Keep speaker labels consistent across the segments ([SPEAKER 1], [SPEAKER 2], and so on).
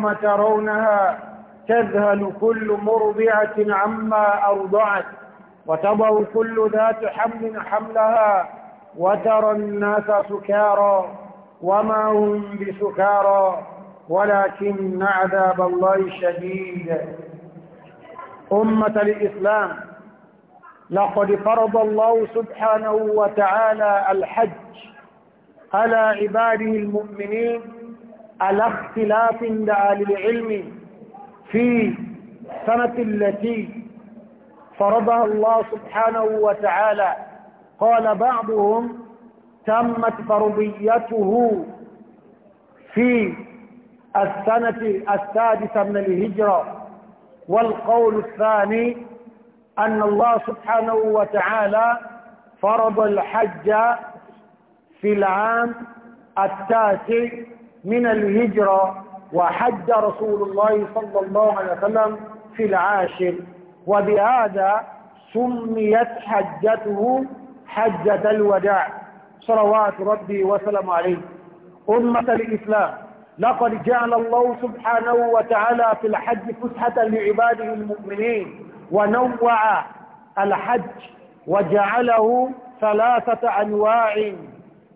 [SPEAKER 1] يوم ترونها تذهل كل مرضعة عما أرضعت وتضع كل ذات حمل حملها وترى الناس سكارى وما هم بسكارى ولكن عذاب الله شديد أمة الإسلام لقد فرض الله سبحانه وتعالى الحج على عباده المؤمنين على اختلاف لأهل العلم في سنة التي فرضها الله سبحانه وتعالى قال بعضهم تمت فرضيته في السنة السادسة من الهجرة والقول الثاني أن الله سبحانه وتعالى فرض الحج في العام التاسع من الهجرة وحج رسول الله صلى الله عليه وسلم في العاشر وبهذا سميت حجته حجة الوداع صلوات ربي وسلم عليه أمة الإسلام لقد جعل الله سبحانه وتعالى في الحج فسحة لعباده المؤمنين ونوع الحج وجعله ثلاثة أنواع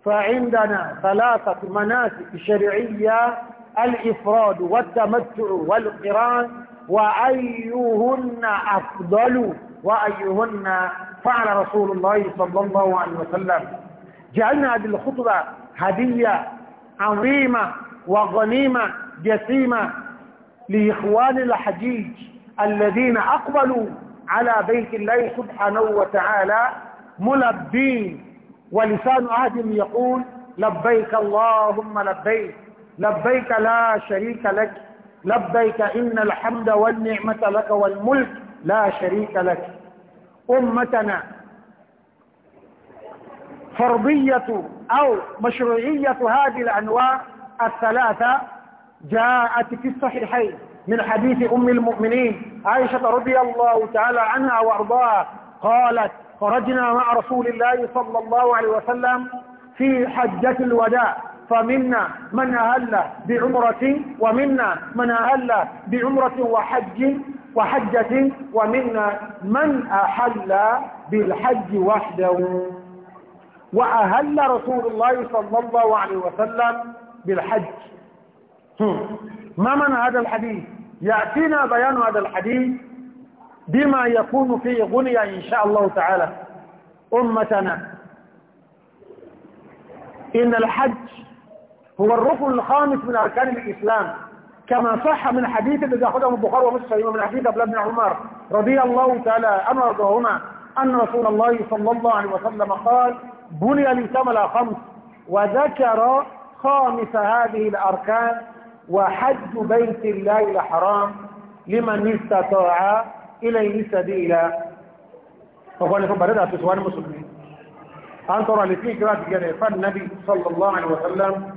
[SPEAKER 1] فعندنا ثلاثة مناسك شرعية الإفراد والتمتع والقران وأيهن أفضل وأيهن فعل رسول الله صلى الله عليه وسلم جعلنا هذه الخطبة هدية عظيمة وغنيمة جسيمة لإخوان الحجيج الذين أقبلوا على بيت الله سبحانه وتعالى ملبين ولسان آدم يقول لبيك اللهم لبيك لبيك لا شريك لك لبيك إن الحمد والنعمة لك والملك لا شريك لك أمتنا فرضية أو مشروعية هذه الأنواع الثلاثة جاءت في الصحيحين من حديث أم المؤمنين عائشة رضي الله تعالى عنها وأرضاها قالت خرجنا مع رسول الله صلى الله عليه وسلم في حجة الوداع فمنا من أهل بعمرة ومنا من أهل بعمرة وحج وحجة ومنا من أحل بالحج وحده وأهل رسول الله صلى الله عليه وسلم بالحج ما من هذا الحديث يأتينا بيان هذا الحديث بما يكون فيه غنيا إن شاء الله تعالى أمتنا إن الحج هو الركن الخامس من أركان الإسلام كما صح من حديث الذي أخذه البخاري ومسلم من حديث الله بن عمر رضي الله تعالى عنه وارضاهما أن رسول الله صلى الله عليه وسلم قال بني الإسلام على خمس وذكر خامس هذه الأركان وحج بيت الله الحرام لمن استطاع إليه سبيلا وقال لكم بلدها في سوان المسلمين أن ترى لفين قراءة جنيفة النبي صلى الله عليه وسلم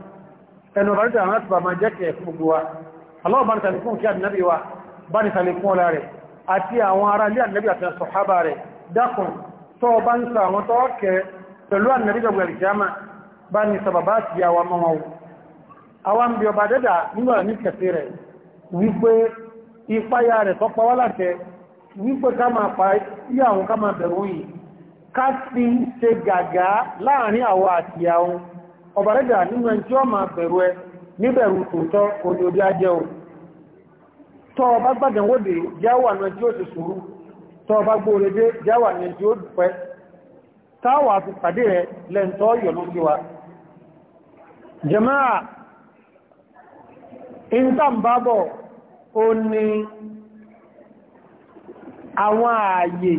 [SPEAKER 1] أنه بلدها نتبع ما جاك يكون جوا الله بانت لكم كان النبي و بانت لكم لاري أتي أوارا لي النبي أتنا الصحابة ري داكم تو بانسا وتوكي تلوى النبي جوا الجامع باني سببات يا ومو àwọn bí ọba dẹ́dà nígbà ní kẹsì rẹ̀ wípé ipáyà rẹ̀ tọ́pọ̀ wá láti wípé ká máa pa sí àwọn ká máa bẹ̀rù yìí ká ti ṣe gàgá láàrin àwọn àti àwọn ọba nínú ẹni máa bẹ̀rù ẹ níbẹ̀rù tòótọ́ òní ajẹ́ o tọ́ ọba gbàdánwòdè jáwà náà tí ó ti àwọn ààyè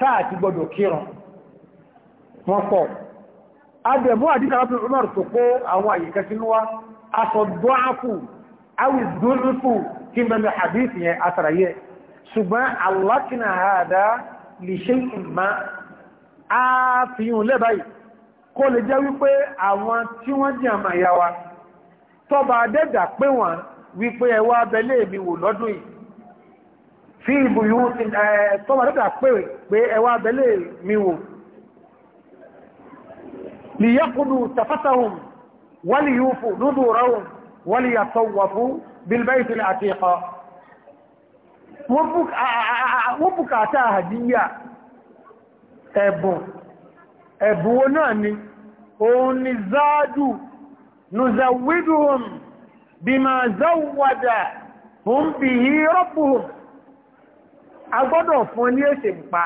[SPEAKER 1] táàtì gbọdọ̀ kírun wọ́n pọ̀ abẹ̀mú àdíkà rápùn Umar tó kó àwọn ààyè kẹsínúwá asọ̀dọ́áfù awìdúnrúfù kí mẹ́lẹ̀ hadith yẹn asàrayẹ ṣùgbọ́n alákínà àádá lè ṣe ìmá ààfihàn lẹ́bàáyì kó lè jẹ́ wípé wa tọba ẹwà abẹ́lé mi wò lọ́dún yìí fi ìbùyú tọ́mà lọ́pàá pèrè pé ẹwà abẹ́lé mi wò lè yẹ́kùnù tafasahun wọ́lì yóò fò lóòdó ráhùn wọ́lì yàtọ̀ wà fún bilbaitin àti ẹ̀kọ́ wọ́n bùkátà àdíyà ẹ̀bùn ẹ̀bùn náà ni òun ni záádù nùzàwídùhùn bí ma záwàdà hùn bí i agbọ́dọ̀ fún ní èsè ń pa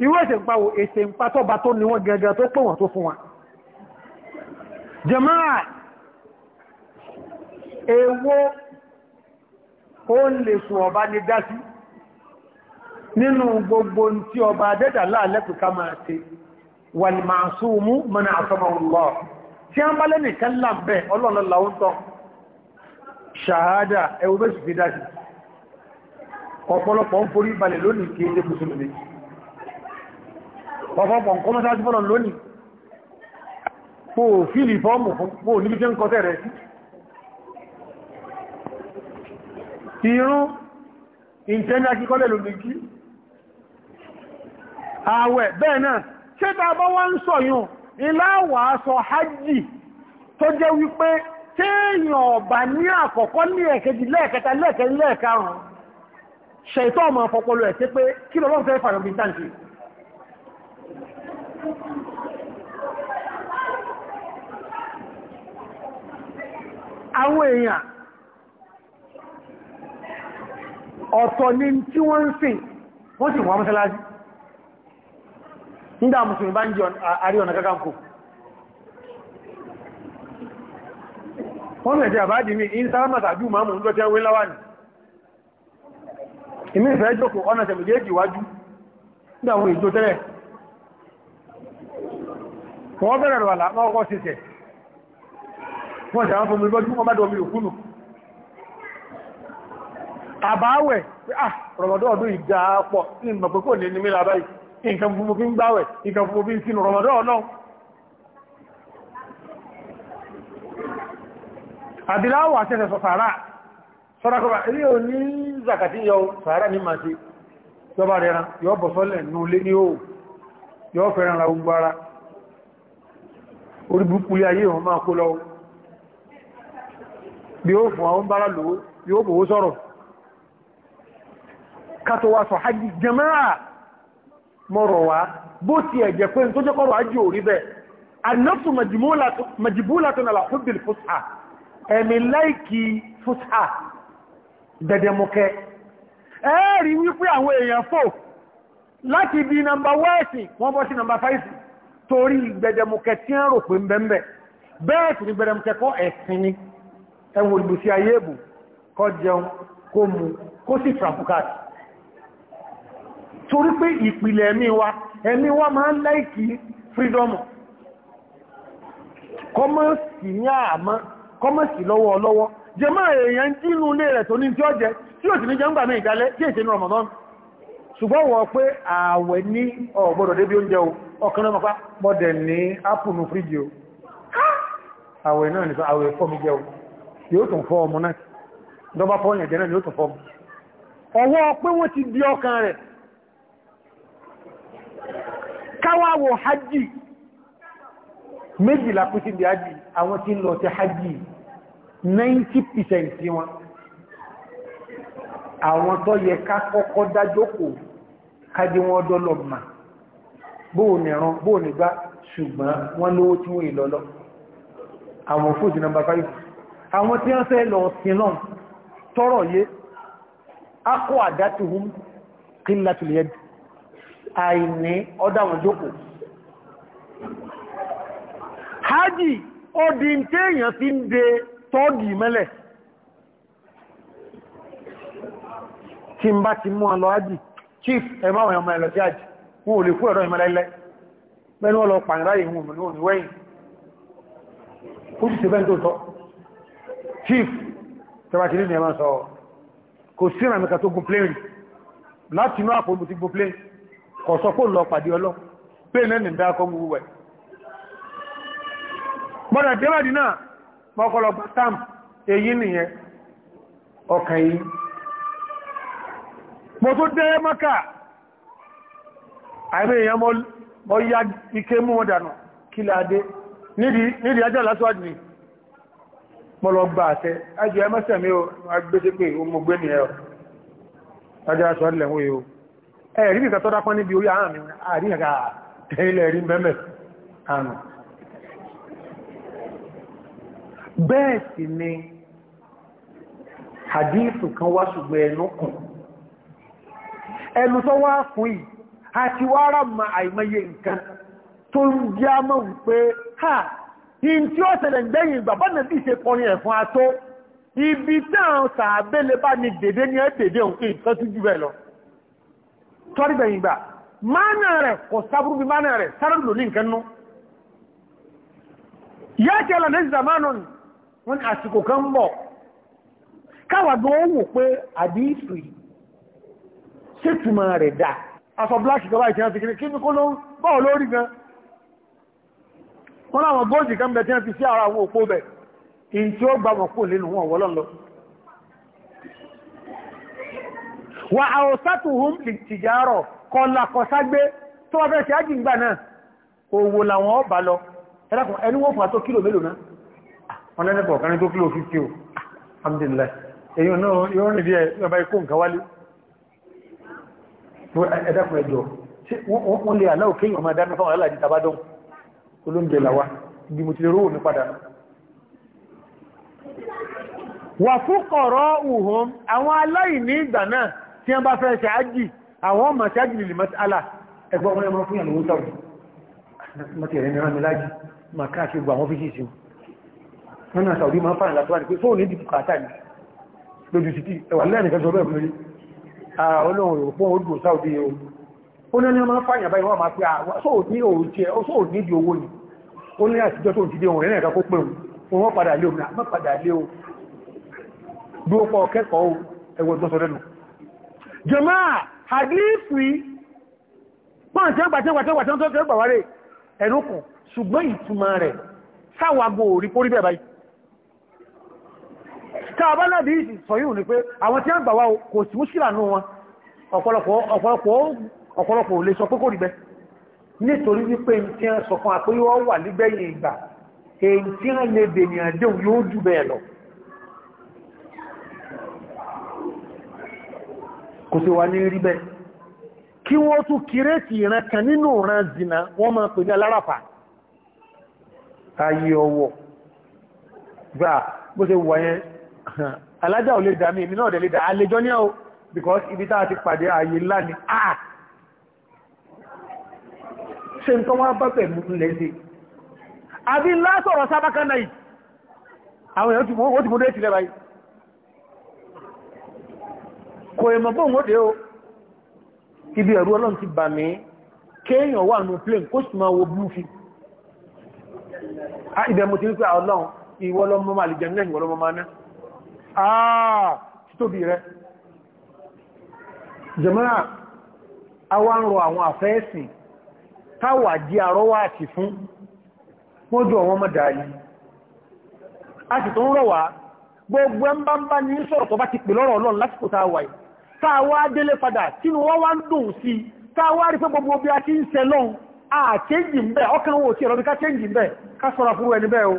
[SPEAKER 1] irú èsè ń pa wo èsè ń pa tọ́ba tó ní wọ́n gẹ́gẹ́ tó pọ̀ wọ́n tó fún wa jàmáà èwo ó ń lè sùn ọba ní dásí nínú gbogbo tí ọba adẹ́dà láàlẹ́pùká máa ṣe wàlìmáàsùmú mọ́nà àtọ́mọ̀lọ́ tí a ń bá lẹ́nìkan ọ̀pọ̀lọpọ̀ ń forí balẹ̀ lónìí kí é mùsùlùmí ọ̀pọ̀pọ̀ ń kọmọ́sá sí fọ́nà lónìí kò fíìlì fọ́ọ̀mù kò níbi jẹ́ ń kọtẹ̀ rẹ̀ sí irun ìjẹ́ndà kíkọ́lẹ̀ lónìí ààwẹ̀ bẹ́ẹ̀ náà ṣé ta bá wá ń sọ yùn ìláwà sọ hajji tó jẹ́ wípé téèyàn ọ̀bà lẹ́ẹ̀kẹta lẹ́ẹ̀kẹ́ lẹ́ẹ̀karùn-ún ṣẹ̀tọ́ ọmọ ọpọlọ ẹ̀ tí pé kí lọ́wọ́ fẹ́ fàyọ̀ bí tàǹtì àwọn èèyàn ọ̀tọ̀ ni tí wọ́n ń sìn wọ́n sì wọ́n mọ́sálásí nígbà mùsùlùmí bá ń jẹ àrí ọ̀nà Kakanfò wọ́n mẹ́jẹ̀ àbájì ní ìsáramàtàjú máa mú ń lọ́jẹ́ wé láwá ni ìmí ìfẹ́ jòkó ọ̀nà tẹ̀mẹ̀jẹ́jì wájú ní àwọn ìjó tẹ́lẹ̀ wọ́n bẹ̀rẹ̀ rọ̀ àlàmọ́ ọkọ̀ síṣẹ̀ wọ́n sàwọn fún mi lọ́jú wọ́n bá dọ̀ mi òkúnù àbáwẹ̀ ah, rọ̀mọ̀dọ́ ọdún ìdáapọ̀ ní ìmọ̀pẹ́kò ní ní mílà báyìí nǹkan fún mo fi ń gbáwẹ̀ nǹkan fún mo fi ń sínú rọ̀mọ̀dọ́ ọlọ́run àdìláwọ̀ àṣẹ́sẹ̀ sọ̀fàrà sọ́dákọ́bà ilé ò ní zakati yọ sàárà ní máa ṣe yọba rẹran yọ bọ̀ sọ́lẹ̀ ní olé ní òun yọ fẹ́ràn ra gbogbo ara orí búkulé ayé wọn máa kó lọ́wọ́ bí ó fún àwọn bára lòó yóò bòó sọ̀rọ̀ kàtò wa sọ hajji jama'a mọ́rọ̀ wá bó ti ẹ̀jẹ̀ pé tó jẹ́ kọ́rọ̀ ajé orí bẹ́ẹ̀ annafsu majibulatun ala hubbil fusha ẹ̀mí láìkì fusha dẹ̀dẹ̀mùkẹ́ ẹ̀ẹ́rì wípé àwọn èèyàn fò láti bí nàmbà wẹ́ẹ̀sì wọ́n bọ́ sí nàmbà fáìsì torí gbẹ̀dẹ̀mùkẹ́ tí ń rò pé ń bẹ́ẹ̀ bẹ́ẹ̀ sì ni gbẹ̀dẹ̀mùkẹ́ kọ́ ẹ̀sìn ni ẹwọ ìgbésí ayé ẹ̀bù kó jẹun kó mu kó sì trafukati torí pé ìpìlẹ̀ ẹ̀mí wa ẹ̀mí wa máa ń láìkí freedom kọ́mọ̀sì ní àmọ́ kọ́mọ̀sì lọ́wọ́ lọ́wọ́ jẹmọ́ èèyàn tí inú ilé rẹ̀ tó ní tí ó jẹ tí ó sì ní jẹun gbàmí ìdálẹ́ tí èsì ní Ramadan ṣùgbọ́n wọ́n pé ààwẹ̀ ní ọ̀gbọ́dọ̀ débi oúnjẹ o ọkàn náà mọ́pá pọ́dẹ̀ ní ápùnù fríjì o ààwẹ̀ náà nìkan ààwẹ̀ fọ́ mi jẹ́ o yóò tún fọ́ ọmọ náà dọ́bá fọ́ọ̀yàn jẹ́ náà yóò tún fọ́ ọwọ́ pé wọ́n ti di ọkàn rẹ̀ káwàwọ̀ hajji méjìlá kú sí ibi hajji àwọn tí ń lọ sí hajji 90% wọn àwọn tó yẹ ká kọ́kọ́ dájókò kájí wọn dọ́lọ̀ mà bóò nìran bóò nígbà ṣùgbọ́n wọ́n lówó tí wọ́n ìlọ́lọ́ àwọn fújì nàmbà 5 àwọn tí wọ́n fẹ́ lọ sí náà tọ́rọ̀ yé akọ àdátihun kí n láti lè àìní ọdá wọn jókò hajji ó di ń téèyàn fi ń de tọ́ọ̀gì mẹ́lẹ̀ tí ń bá ti mú àlọ́ ájì chief ẹmọ́ àwọn ọmọ ẹ̀lọ́sí ájì wọn ò lè fún ẹ̀rọ ìmẹ́lẹ́lẹ́ mẹ́nu ọlọ pàǹráyè wọn mọ̀ ní wẹ́yìn ó sì ṣe bẹ́ẹ̀ tó chief tẹ́wà ti nínú ẹ̀mọ́ sọ kò sí ìrànmẹ́ka tó gún plane láti inú àpò ti gún plane kò sọ pé lọ pàdé mọ́kọlọgbà tam èyí nìyẹn ọkàn yìí mo tó dé mọ́kà àìrí èyàn mọ́ yá ike mú wọn dànù kí láadé nídìí ajá lásíwájú ni mọ́ àtẹ́ ẹmọ́sẹ̀ mi pé o gbé ní ẹ̀ ajá lásíwájú lẹ́wọ́ bẹ́ẹ̀ sì ni hadithu kan wá ṣùgbọ́n ẹnu kùn ẹnu tó wá fún yìí àti wá rámà àìmọye nǹkan tó ń jẹ́ mọ́ wípé ha in tí ó tẹ̀lẹ̀ gbẹ̀yìn bàbá náà bí ṣe kọrin ẹ̀fún ató ibi táwọn sàábẹ́lẹ̀ bá ní dèdé ní ẹ́dèdé òun nǹkan tó jù bẹ́ẹ̀ lọ tọ́rí gbẹ̀yìn gbà mánà rẹ̀ kò sábúrú bí mánà rẹ̀ sáré ní nǹkan nú yá kí ẹlànà ìzàmánà nù wọ́n àsìkò kan bọ̀ káwàgbọ́ ó wò pé àdíìsù ṣètùmọ̀ rẹ̀ dà afọ bláṣì kọba ìtìyàn fi kiri kí ní kó ló bọ́ lórí gan wọ́n láwọn kan bẹ̀ tí wọ́n fi sí ara àwọn òpó bẹ̀ in tí ó gbà wọ́n kó lẹ́nu wọn wọ́lọ́n lọ wà àwọ̀sátùhùn ìtìjárọ̀ kọlàkọságbé tó wọ́n fẹ́ náà òwò làwọn ọba lọ ẹlẹ́kùn ẹni wọ́n fún kílò mélòó wọn lẹ́nìkọ̀ ọ̀kan tó kílò 50 o alhamdulillah èyí náà yóò rìn bí ẹ̀yọba ikú nǹkan wálé ẹ̀dàkùn ẹjọ́ wọ́n lè aláwọ̀ kéyàn máa dáná fáwọn aláàdì tàbádọ́n olóúnjẹ làwá bí mo ti lè rówò ní padà wà fún kọ̀rọ̀ uhun àwọn aláìní ìgbà náà tí wọ́n bá fẹ́ ṣáájì àwọn ọmọ ṣáájì lè mọ́sálà ẹgbọ́n wọn ẹmọ fún ìyàwó tàbí nánà Saudi máa fàyàn látọ́wà ní pé fóònù ìdìbò kàtà ní lójú títí ẹwà lẹ́ẹ̀nìkan sọ bẹ́ẹ̀ lórí ọlọ́run òpó odò Saudi o ó ní ọmọ fàyàn báyìí wọ́n máa pé sóò nídìí owó ni ó ní àtijọ́ tó ti dé òun rẹ̀ kó pẹ̀rù fún wọ́n padà lé òun àmọ́ padà lé o dúó pọ̀ kẹ́kọ̀ọ́ ẹwọ́ tó sọ lẹ́nu jàmáà hadithi pọ́n tí ó gbà tí ó gbà tí ó gbà tí ó gbà wáré ẹnukùn ṣùgbọ́n ìtumọ̀ rẹ̀ sáwàgbò orí pórí bẹ̀ báyìí tàbá náà bí ìsì sọ yíò ní pé àwọn tí a ń gbà wá kò sí múṣílà ní wọn ọ̀pọ̀lọpọ̀ lè sọ pé kò rí bẹ́ nítorí wípé tí a sọ fún àpéyíwọ́ wà nígbẹ̀yìn ìgbà èyí tí a lè bèèyàn dẹ̀un yóò jù bẹ́ẹ̀ lọ kò sí wà ní rí bẹ́ẹ̀ kí wọ́n tún kírètì ìran kan nínú ìran zina wọ́n máa pè ní aláràpá ayé ọwọ́ gbà bó ṣe wà yẹn alájà ò lè dà mí èmi náà dẹ̀ lè dà àlejò ní ọ́ because ibi tá a ti pàdé ààyè ńlá ni ah ṣe ń tọ́wọ́ bá pẹ̀lú lẹ́sẹ̀ àbí ńlá sọ̀rọ̀ sábákà náà yìí àwọn èèyàn ó ti mú dé tilẹ̀ báyìí kò èmọ̀ bóun ó dé o ibi ẹ̀rú ọlọ́run ti bà mí kéèyàn wà nù plane kó sì máa wo bluefield ibẹ̀ mo ti rí pé ọlọ́run ìwọ́lọ́mọ́ máa lè jẹun náà náà àà ah, títóbi rẹ̀ jẹ́mọ́ra awá ń rọ àwọn àfẹ́ẹ̀sìn táwà jí àrọ́wà àti fún wọ́n jọ àwọn mọ́dá yìí a sì tó ń rọ̀ wá gbogbo ẹmbá ń bá ní sọ̀rọ̀ tó bá ti pè lọ́rọ̀ ọlọ́run lásìkò táwà yìí táwà délé padà a ẹni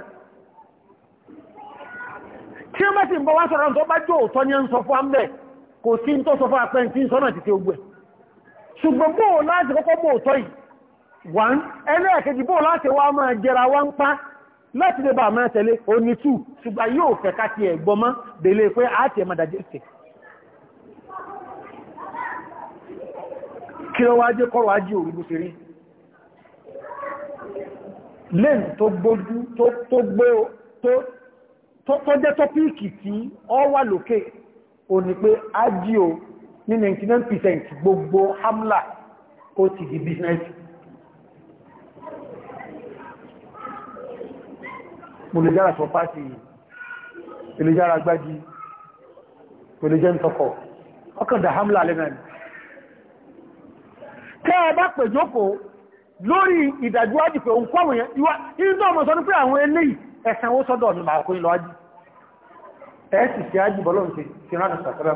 [SPEAKER 1] tí ó bá sì ń bọ́ wá sọ̀rọ̀ tó bá jò òtọ́ ní ń sọ fún àmì kò sí tó sọ fún apẹ́ tí ń sọ́nà ti ti ogbẹ̀ ṣùgbọ́n bóò láti kọ́kọ́ bóò tọ́ yìí wọ́n ẹlẹ́ẹ̀kejì bóò láti wá máa jẹra wá ń pa láti lè bá máa tẹ̀lé oní tù ṣùgbọ́n yóò fẹ́ ká ti ẹ̀gbọ́n mọ́ délé pé a ti ẹ̀mọ́ dàjẹ́ tó tó jẹ́ tọ́píìkì tí ọ wà lókè o ní pé ájíò ní 99% gbogbo hamla ó ti di business mo lè jára sọpá sí ilé jára gbájí mo ń tọkọ̀ ọkàndà hamla lẹ́nà tẹ́ ẹ bá pẹ̀jọ́kò lórí ìdàjúwájì pé òun kọ́wọ̀n yẹn ìwá ìrìnà ọmọ sọ ní pé àwọn eléyìí ẹ̀sẹ̀wó sọ́dọ̀ ọ̀nà àkóyìn lọ́wájì ẹ̀ẹ́sì si ájìbọ̀ ti ti ránà sàtẹ́lá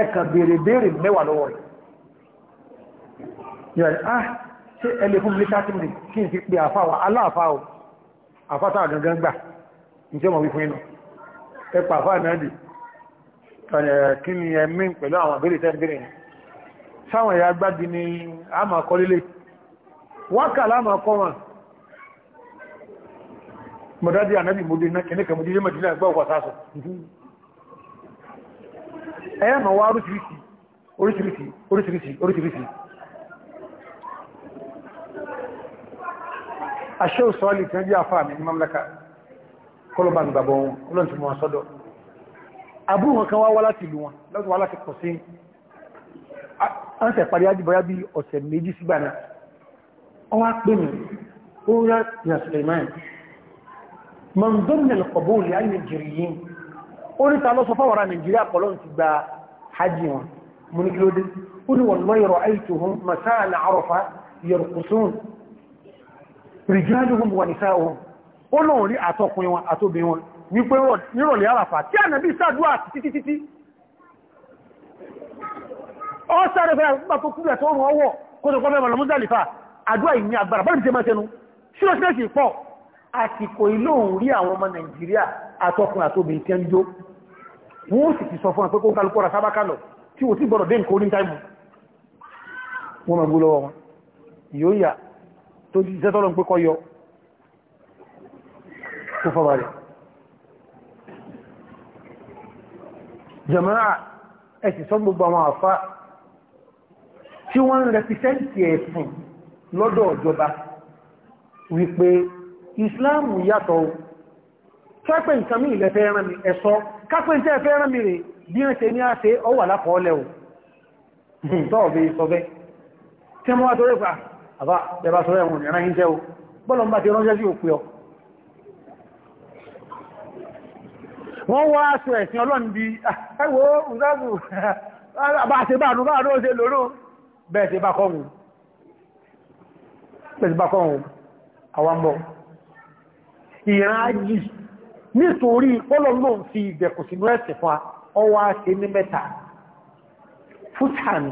[SPEAKER 1] ẹ̀kàn béèrè bèèrè mẹ́wàá lọ́wọ́ rẹ̀ yẹ̀rẹ̀ ah ṣe ẹlẹ́ fún mílítà tí kí n fi pé àfáwà aláàfáà gangan gbà ní tí ó mọ̀ wí fún inú ma. mo dá dé ànábì mo dé náà kìnnì kan mo dé mẹ́dínlẹ̀ gbọ́ ọ̀pọ̀ sáàsọ̀ ẹ̀yà ma wá oríṣiríṣi oríṣiríṣi oríṣiríṣi oríṣiríṣi aṣẹ́ òṣọ́lì tí wọ́n jẹ́ àfáà mi ní mamlaka kọlọ̀bà gbàgbọ́ wọn olóǹtí mọ́ sọ́dọ̀ àbúrò wọn kan wá wá láti ìlú wọn lọ́tọ̀ wá láti pọ̀ sí ánṣẹ̀ parí ájíbọ̀yá bí ọ̀sẹ̀ ọwá pè mí ó rá ìyàsùlẹ̀ ìmáyìn من ضمن القبول للنيجيريين قلت على صفا ورا نيجيريا قالوا انت با حجهم من كلود قل والله رأيتهم مساء عرفة يرقصون رجالهم ونساؤهم قلوا لي اتوقوا واتوبهم ni pe won niro le arafa ti anabi تي، titi titi o sare fe ba to kula to run owo ko to ko be mo muzdalifa adua yi ni agbára ba ni àsìkò ilé òun rí àwọn ọmọ nàìjíríà àtọkùn àtobìn tẹ́ ń jó wọ́n sì ti sọ fún àpẹ́kọ́ kálùkọ́ ra sábákà lọ tí ó sì gbọ́dọ̀ dé nǹkan orí táìmù wọ́n mọ̀ gbó lọ́wọ́ wọn yóò yà tó ti ṣẹ́ tọ́lọ́ wípé ìsìláàmù yàtọ̀ kẹ́pẹ̀ nǹkan mí ilẹ̀ fẹ́ràn mi ẹ̀sọ́ kápẹ́ tẹ́ fẹ́ràn mi rẹ̀ bí wọ́n ṣe ní a ṣe ọwà lápọ̀ọ́lẹ̀ o tọ́ọ̀bẹ̀ ìsọ́bẹ̀ tí wọ́n wá torí pa àbá ẹbá sọ ẹ̀wọ̀n ìran yìí jẹ́ o bọ́lọ̀ ń bá ti ránṣẹ́ sí òpí ọ wọ́n wá aṣọ ẹ̀sìn ọlọ́run bí ẹwọ́ ìzáàbù àbá àti báàrùn báàrùn ó ṣe lóró bẹ́ẹ̀ ti bá kọ́ ìran ájì nítorí pọ́lọ̀lọ́ fi ìdẹ̀kù sínú ẹ̀sẹ̀ fún ọwá ṣe ní mẹ́ta fútàní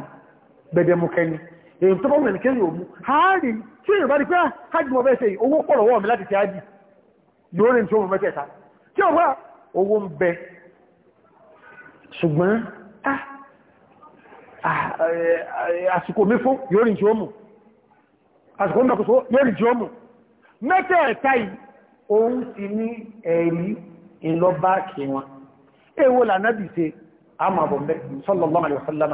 [SPEAKER 1] bẹ̀dẹ̀mùkẹni èyí tó bọ́ mẹ́rin kéyìn òmú haari tí èyí bá di pé hajji mọ́ bẹ́ẹ̀ sẹ́yìn owó pọ̀lọ̀ wọ́n mi láti ti hajji yóò rìn tí ó mọ̀ mẹ́tẹ̀ẹ̀ta tí ọwá owó ń bẹ ṣùgbọ́n ah, ah, eh, àsìkò mi fún yóò rìn tí ó mù àsìkò mẹ́kùsọ́ yóò rìn òun ti ní ẹ̀rí ìlọ́báàkì wọn èwo lànàbì ṣe àmàbọ̀mẹ́ sallallahu alaihi wasallam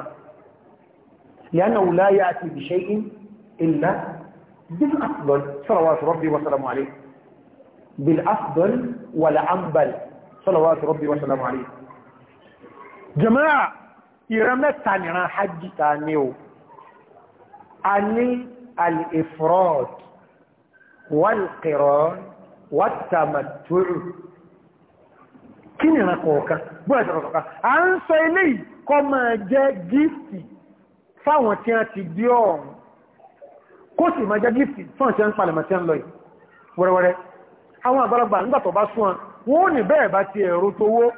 [SPEAKER 1] li'annahu la ya'ti bi shay'in illa bil afdal salawatu rabbi wa salamu alayhi bil afdal wal anbal salawatu rabbi wa salamu alayhi jama'a ìran mẹ́ta nìran hajji ta wàtàmàtòrò kí ni ìran kọ̀ọ̀kan bó ẹ̀sẹ̀ kọ̀ọ̀kan a ń sọ ilé ìkọ́ máa jẹ́ gífì fáwọn tí a ti dí ọ̀run kó sì máa jẹ́ gífì fáwọn tí a ń palẹ̀mọ̀ tí a ń lọ yìí wẹ́rẹ́wẹ́rẹ́ àwọn àgbàlagbà nígbàtọ̀ bá sún wọn ní bẹ́ẹ̀ bá ti ẹ̀rọ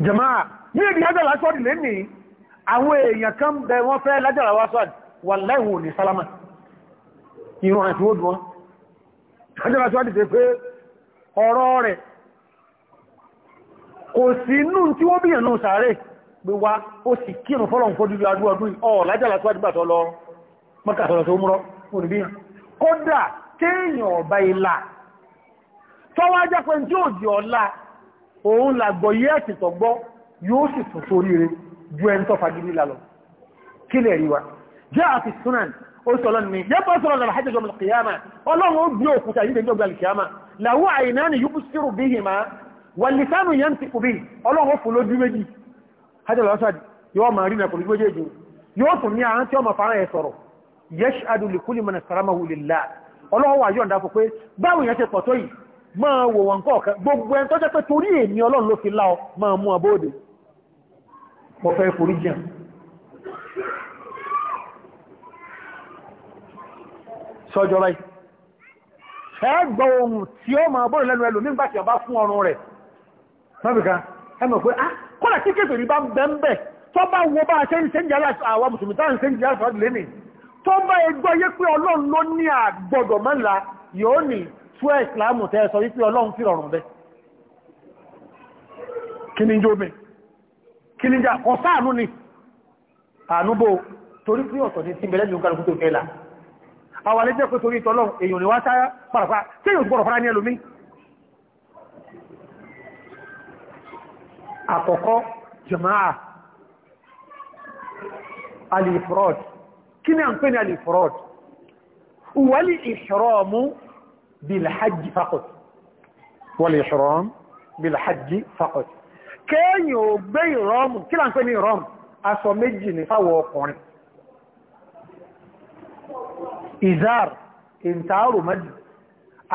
[SPEAKER 1] jama'a ní èdè hajjá lásọ́dì lè ní àwọn èèyàn kan bẹ wọ́n fẹ́ lájára wá sọ́dì wà láìwò ní sálámà ìrùn àti ó dùn hajjá lásọ́dì tẹ pé ọ̀rọ̀ rẹ̀ kò sí inú tí wọ́n bíyàn náà sàárè pé wá ó sì kírùn fọ́lọ̀n fọ́dú adúọdún ọ̀ lájára lásọ́dì gbà tọ́lọ mọ́kàtọ̀lọ̀ tó múrọ́ òníbíyàn kódà kéèyàn ọ̀bá ìlà tọ́wọ́ ajá pé tí ó di ọ̀la òun làgbọ̀ yẹ́ ẹ̀tìtọ̀ gbọ́ yóò sì tún sórí rẹ̀ ju ẹni tó fagidí lálọ kí lè rí wa jẹ́ àti sunan ó sọ lọ́nà ní yẹ́pọ̀ sọ́rọ̀ lọ́nà hajjọ́ jọmọ̀ kìyàmà ọlọ́run ó gbé òkúta yìí dẹjọ́ gbàlì kìyàmà làwọ́ àìná ni yóò sírù bí hìmá wàlìsánù yẹn ti kùbí ọlọ́run ó fún lójú méjì hajjọ́ lọ́sàd yóò máa rí máa wò wọn kọ́ọ̀kan gbogbo ẹn tó jẹ́ pé torí èmi ọlọ́run ló fi láọ máa mú abóòdè mo fẹ́ forí jẹ́ sọ́jọ́ ráì ẹgbọ́ ohun tí ó máa bóòrùn lẹ́nu ẹlò nígbàtí ọba fún ọrùn rẹ̀ mọ́bìnká ẹmọ̀ pé ah kọ́lá tí kéfè rí bá ń bẹ́ẹ̀ tó bá wo bá ṣe ń ṣe ń jẹ́ àwọn mùsùlùmí táà ń ṣe ń jẹ́ àṣọ́ tó bá ẹgbọ́ yé pé ọlọ́run ló ní àgbọ̀dọ̀ mọ́la yóò ní fún ìsìláàmù tẹ́ sọ wípé ọlọ́run fi rọrùn bẹ́ kí ni jó mi kí ni jà kọ sáànú ni ànúbò torí pé ọ̀tọ̀ ní tíbẹ̀lẹ́ ní ọkàlùkù tó fẹ́lá àwọn alẹ́jẹ́ pé torí ìtọ́lọ́run èèyàn ni wá jama'a alifrod kí ni à ń pè ní alifrod wọ́lì بالحج فقط، والإحرام بالحج فقط. كان kéèyàn ò gbé ìrọ́mù kí là ń pè ní ìrọ́mù aṣọ méjì ní fáwọ ọkùnrin izar ìntàárò mẹ́jì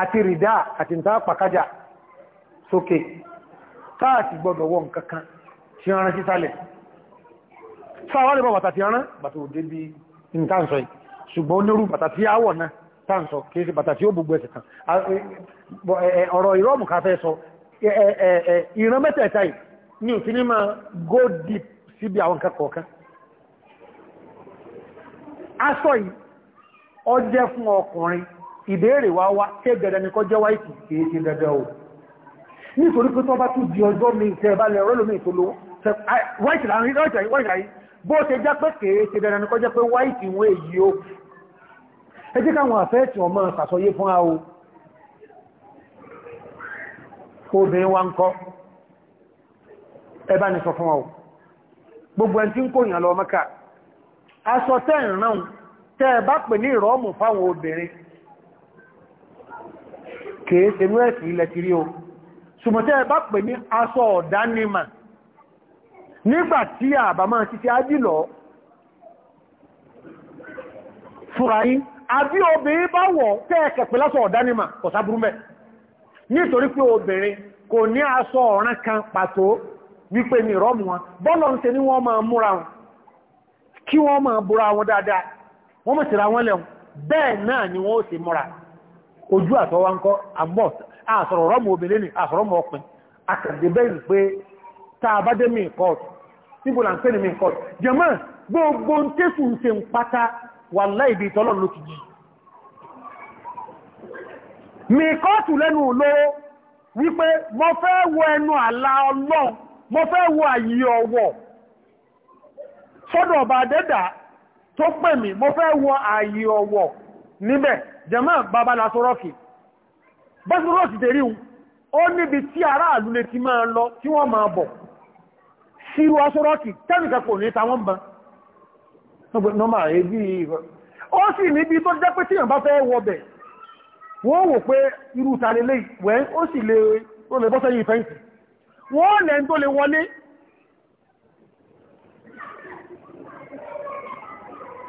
[SPEAKER 1] àti rìdá àti ìntàá pàkájà sókè káàkì gbọdọ̀ wọ́n kankan tí ọ̀rán sí sálẹ̀ sáwọ́lẹ̀ bọ̀ bàtà ti ọ̀rán bàtà òdé bí ìntàǹsọ̀ ṣùgbọ́n onírú bàtà ti àwọ̀ náà táǹsọ kìí sí bàtà tí ó gbogbo ẹ̀sẹ̀ kan ọ̀rọ̀ ìrọ́mù káfẹ́ sọ ìran mẹ́tẹ̀ẹ̀ta yìí ní òfin ní máa go deep síbi àwọn nǹkan kọ̀ọ̀kan aṣọ yìí ọ jẹ́ fún ọkùnrin ìbéèrè wa wá tí ẹgbẹ̀rẹ̀ ni kọ́ jẹ́ wáìtì kìí ṣe dandan o nítorí pé tó bá tún di ọjọ́ mi ìṣẹ́ bá lẹ̀ rọ́lùmí ìtòlówó wáìtì láàrin wáìtì láàrin bó ṣe jẹ́ pé kìí ṣe dandan ní kọ́ jẹ́ pé wáìtì wọ́n èyí o ẹ jẹ́ káwọn àfẹ́ẹ̀tì ọmọ sàsọyé fún àwọ obìnrin wa ń kọ́ ẹbá ní sọ fún àwọ gbogbo ẹn tí ń kòyàn lọ mẹ́ka aṣọ tẹ́ ìrànun tẹ́ bá pè ní ìrọ́mù fáwọn obìnrin kìí ṣenú ẹ̀sìn ilẹ̀ tìrí o ṣùgbọ́n tẹ́ bá pè ní aṣọ ọ̀dánimà nígbàtí àbámá títí ájìlọ́ fúra yìí àbí obìnrin bá wọ̀ tẹ́ẹ̀kẹ̀ pẹ̀ lásọ̀ ọ̀dánimà kọ̀sábúrúmẹ̀ nítorí pé obìnrin kò ní aṣọ ọ̀rán kan pàtó wípé ní rọ́mù wọn bọ́lọ̀ ń ní wọ́n máa múra wọn kí wọ́n máa búra wọn dáadáa wọ́n mọ̀ wọn bẹ́ẹ̀ náà ni wọ́n ó sì múra ojú wàláhì ibi ìtọ́lọ̀ ló ti jí mi kọ́ọ̀tù lẹ́nu olóró wípé mo fẹ́ wo ẹnu àlà ọlọ́run mo fẹ́ wo àyè ọ̀wọ̀ sọ́dọ̀ ọba dẹ́dà tó pè mí mo fẹ́ wo àyè ọ̀wọ̀ níbẹ̀ jẹ́mọ́ bàbá lásọ́rọ́kì bọ́sọ́rọ́ nọ́mà rẹ̀ bí ìrọ̀ ó sì níbi tó jẹ́ pé tí yàn bá fẹ́ wọbẹ̀ wọ́n wò pé irú tàlélé wẹ́n ó sì lè ó lè bọ́sẹ̀ yìí fẹ́ǹsì wọ́n lẹ́n tó lè wọlé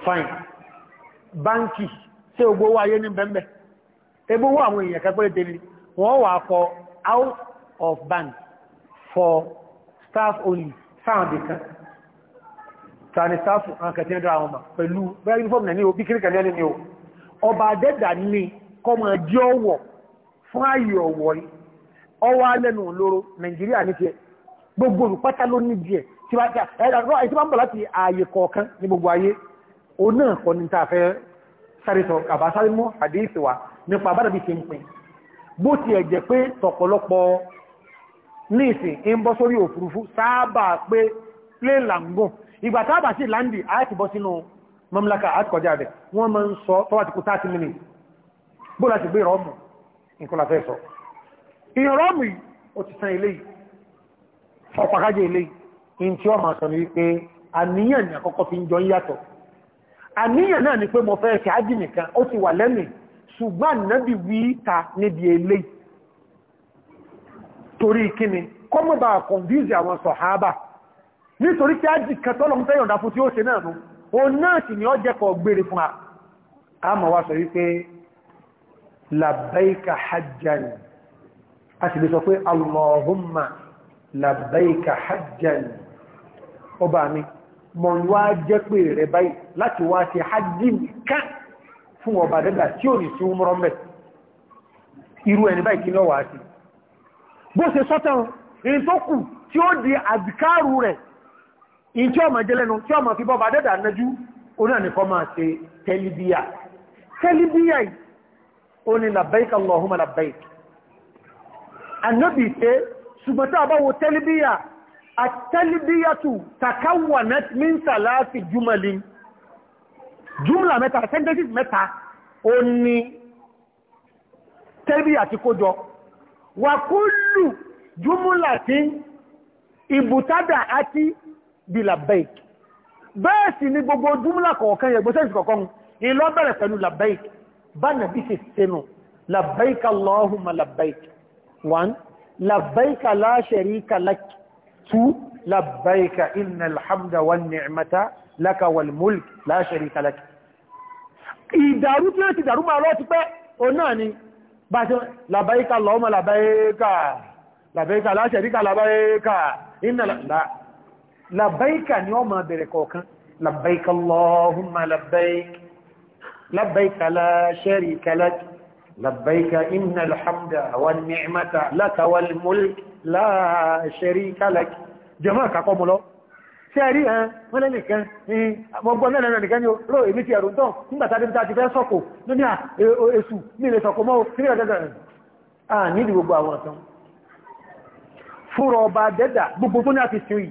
[SPEAKER 1] fine báńkì tí ó gbówó ayé ní bẹ́m̀bẹ̀ egbówó àwọn èèyàn kẹ́kọ́lé tẹ́lẹ̀ wọ́n wà kọ out of bank for staff only sáàdì kan tàní sáfù àǹkà tí ó dára wọn bà pẹ̀lú bẹ́ẹ̀ uniform náà ní o bí kíríkà ní ẹni ni o ọba àdẹ́dà ní kọmọ ẹjẹ́ ọwọ̀ fún ààyè ọwọ̀ rí ọwọ́ alẹ́nu olóró nàìjíríà ní tiẹ̀ gbogbo olùpátá ló náà kọ́ ní ta fẹ́ sáré sọ kàbá sáré mú àdéhìsì wa nípa abádàbí ti ń pin bó ti ẹ̀ jẹ́ pé tọ̀pọ̀lọpọ̀ ní ìsìn ń bọ́ sórí òfurufú sáábà pé plé làǹgùn ìgbà tábà sí láńdì àti bọ́ sínú mamlaka àti kọjá rẹ̀ wọ́n máa ń sọ tọ́wà ti kú 30 minutes bó láti gbé ìrọ́mù nǹkan láfẹ́ sọ ìrọ́mù ó ti san ilé ọ̀pàkájẹ́ ilé in tí ọ máa sọ ní wípé àníyàn ní àkọ́kọ́ fi ń jọ yàtọ̀ àníyàn náà ni pé mo fẹ́ ṣe ájì nítorí tí ájì kẹtọ́lọ̀ ń fẹ́ yọ̀nda fún tí ó ṣe náà nú o náà sì ni ó jẹ́ kọ gbére fún a ma wá sọ wípé labbaika hajjan a sì lè sọ pé allahumma labbaika hajjan ọba mi mọ̀ ń wá jẹ́ pé rẹ̀ báyìí láti wá ṣe hajji ká fún ọba ìtí ọmọ jẹ́lẹ́nu tí ọmọ fi bọ́ba dẹ́dà nájú onáà ní kọ́ máa ṣe tẹ́líbíyà tẹ́líbíyà yìí ó ní labbaik Allahumma labbaik annabi ṣe ṣùgbọ́n tá a bá wo tẹ́líbíyà at-talbiyatu takawwanat min salasi jumalin jumla mẹ́ta sentences mẹ́ta ó ní tẹ́líbíyà ti kójọ wa kullu jumlatin ibùtádà àti bí labbaik bẹ́ẹ̀ sì ni gbogbo júmùlà kọ̀ọ̀kan yẹ gbọ́sẹ̀ ìsìkọ̀kan ìlọ bẹ̀rẹ̀ pẹ̀lú labbaik bá nàbí sì sínú labbaik allahumma labbaik one labbaik la sharika lak two labbaik innal hamda wan ni'mata laka wal mulk la sharika lak ìdàrú tí ó ti dàrú máa lọ ti pẹ́ o náà ni bá ṣe labbaik allahumma labbaik labbaik la sharika labbaik inna la labbaika ni wọ́n máa bẹ̀rẹ̀ kọ̀ọ̀kan labbaika Allahumma labbaik labbaika la sharika lak labbaika innal hamda wan ni'mata laka wal mulk la sharika lak jama'a kakọ́ mọ́ lọ tí a rí ẹn wọ́n lẹ́ nìkan ní ọgbọ́n náà náà nìkan ní ró èmi ti ẹ̀rùn tán nígbàtàdé ta ti fẹ́ sọ́kò lóní à e,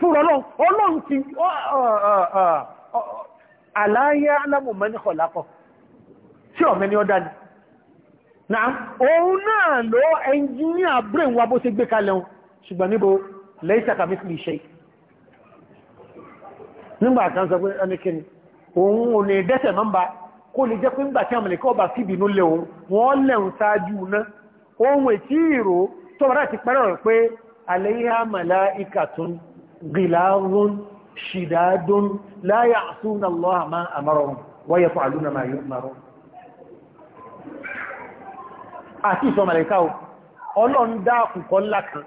[SPEAKER 1] fún ọlọ́run ọlọ́run ti àláyé alámùmọ́ ní kọ̀lákọ̀ tí ọ̀mẹ́ ni ó dá ní náà òun náà lọ ẹnjíníà brain wa bó ṣe gbé kalẹ̀ wọn ṣùgbọ́n níbo lẹ́ìsàkà mí fìlì ṣe nígbà kan sọ pé ẹnikẹ́ni òun ò ní dẹ́sẹ̀ mọ́mbà kó lè jẹ́ pé ńgbà tí àmàlẹ̀kọ́ ọba fìbínú lẹ̀ òun wọ́n lẹ̀un غلاظ شداد لا يعصون الله ما أمرهم ويفعلون ما يؤمرون àti ìsọmọ̀lẹ̀ká o ọlọ́run dá àkùkọ ńlá kan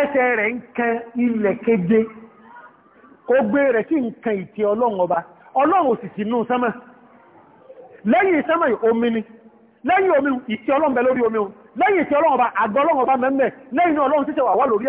[SPEAKER 1] ẹsẹ̀ rẹ̀ ń kẹ ilẹ̀ kéde kó gbé rẹ̀ sí nǹkan ọba ọlọ́run òsì sínú sánmà lẹ́yìn sánmà omi ni lẹ́yìn omi ìtì mẹ́mẹ́ lẹ́yìn wà lórí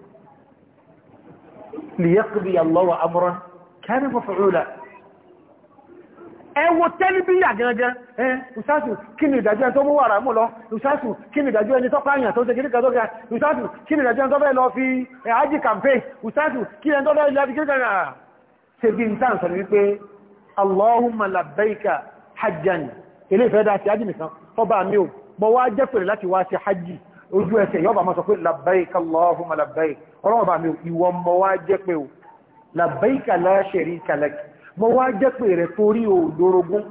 [SPEAKER 1] liyaqdi Allahu amran kana maf'ula ẹwọ tẹ́líbíyà gẹ́gẹ́ ẹ ìsáàtù kí ni ìdájọ́ ẹni tó mú wàrà mú lọ ìsáàtù kí ni ìdájọ́ ẹni tó pààyàn tó ṣekiri kan tó ga ìsáàtù kí ni ìdájọ́ ẹni tó fẹ́ lọ fi àájì kàmpé ìsáàtù kí ni ẹni tó fẹ́ lọ fi kíríkà náà ṣe bí n tàn sọ̀rọ̀ ọlọ́wọ́ bá mi ìwọ mọ wá jẹ́ pé o làbẹ́ìkà láṣẹ̀rí kàlẹ́kì mọ wá jẹ́ pé rẹ̀ torí òdorogún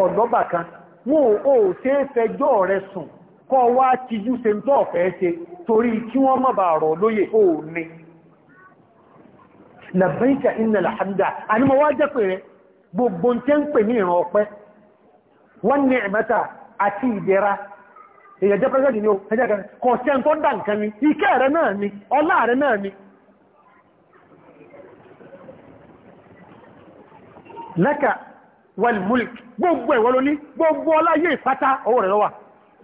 [SPEAKER 1] ọ̀lọ́bà kan wọn ò ṣe é fẹjọ́ rẹ sùn kọ́ wá tijú ṣe ń tọ́ ọ̀fẹ́ ṣe torí kí wọ́n mọ̀ bá rọ̀ lóye ò ní làbẹ́ìkà iná làhàmdà àní mọ wá jẹ́ pé rẹ gbogbo ń tẹ́ ń pè ní ìran wọ́n ní ẹ̀mẹ́ta àti ìdẹ̀ra èyàn jẹ́ pẹ́sẹ̀dì ni ó ẹjẹ́ kan kò sẹ́n tó dà nǹkan ni ìkẹ́ rẹ̀ náà ni ọlá rẹ̀ náà ni lẹ́kà wal-mulk gbogbo ẹ̀wọ́ ló ní gbogbo ọláyé ìpátá ọwọ́ rẹ̀ lọ́wà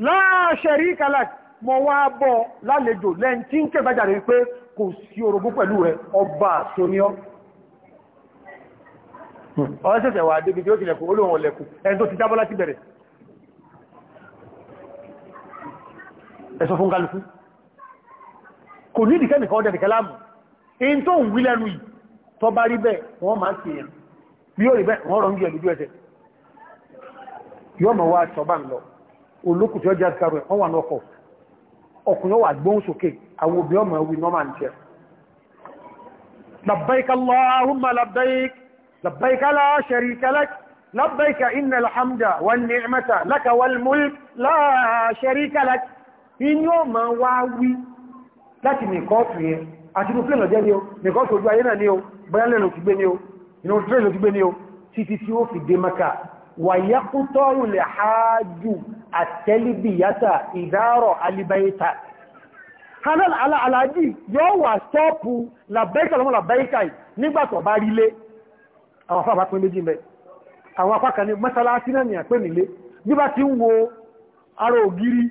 [SPEAKER 1] la sharika lak mọ́ wá bọ́ lálejò lẹ́n tí ń kẹ́ bájà rẹ̀ pé kò sí orogún pẹ̀lú rẹ̀ ọba àtòníọ́ ọ̀rẹ́sẹ̀sẹ̀ wà débi tí ó ti lẹ̀kùn olóhun ọ̀lẹ̀kùn ẹni tó ti dábọ́lá ti bẹ̀rẹ̀ ẹ̀sọ fún kálukú kò ní ìdíkẹ́ nìkan ọdẹ̀ nìkẹ́ láàmù in tó ń wí lẹ́nu yìí tọ́ bá rí bẹ́ẹ̀ wọ́n máa ń ti yẹn bí ó rí bẹ́ẹ̀ wọ́n rọ̀ ń gbìyànjú ẹsẹ̀ yọ́ mọ̀ wá ṣọ́bà ń lọ olókùtì ọjà ìsìkàrò ẹ̀ wọ́n wà lọ́kọ̀ ọkùnrin wà gbóhùn sókè àwọn inú ọmọ wá wí láti nìkọ́ọ̀tù yẹn àti inú plẹ́nà jẹ́ ní o nìkọ́ọ̀tù ojú ayé náà ní o bẹ́ẹ̀lẹ̀ ló ti gbé ní o inú trẹ́lẹ̀ ló ti gbé ní o títí tí ó fi dé maka wàyẹ́kútọ́rù lè háájú àtẹ́líbìyàtà ìdárọ̀ alibaita hanal aláàlájì yóò wà sọ́ọ̀pù làbẹ́ẹ̀kà lọ́mọ́ làbẹ́ẹ̀kà nígbàtọ̀ bá ara ògiri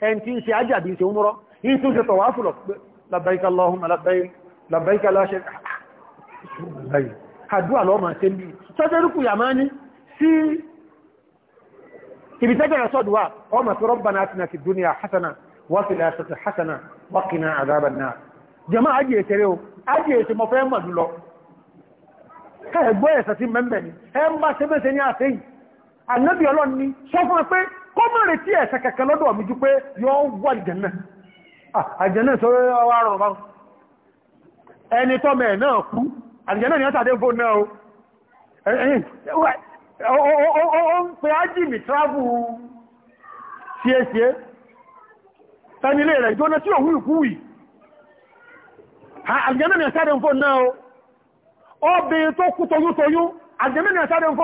[SPEAKER 1] ẹn tí ń ṣe ajábi ṣe umrọ́ yìí tún ṣe tọ̀wáfù lọ labbaika Allahumma labbaik labbaika la sharika lak àdúrà lọ máa ṣe bí tọ́jẹ́rùkù yàmání sí ibi tẹ́jẹ̀rẹ̀ sọ́dùwà ọmọ tó rabbana atina fid dunya hasana wa fil akhirati hasana wa qina adhaban nar jama'a ajiye kere ẹgbọ́ ẹ̀sẹ̀ sí mẹ́mbẹ̀ ni ẹ ń bá ṣẹ́bẹ̀ṣẹ́ ní àṣẹ́yìn annabi ọlọ́ni sọ fún pé kọ́mọ̀ retí ẹ̀sẹ̀ kẹ̀kẹ́ lọ́dọ̀ mi jú pé yọ wà ìjẹ̀nà àjẹ̀nà sọ́rọ̀ ọwọ́ àrọ̀ bá ẹni tọ́ mẹ́ náà kú àjẹ̀nà ni ọ́tàdé fò náà o ń pè ájì mi travel tẹ́nilé rẹ̀ jóná tí òun ìkú àjẹ̀nà ni ọ́tàdé fò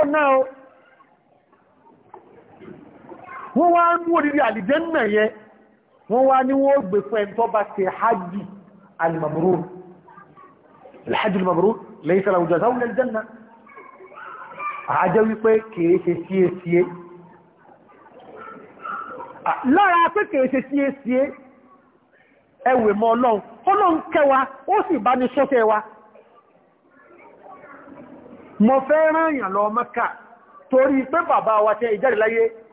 [SPEAKER 1] o náà o wọ́n wá ń mú orí àlìjẹ́nà yẹ wọ́n wá ní wọ́n gbé fún ẹni tó bá ṣe hajji al-mabrur al-hajji al-mabrur laysa lahu jaza'un illa al-janna àájẹ́ wípé kìí ṣe síẹ́síẹ́ lára pé kìí ṣe síẹ́síẹ́ ẹwẹ̀ mọ́ ọlọ́run mo fẹ́ rán lọ Mẹ́kà torí pé bàbá wa tẹ́ ìjáde láyé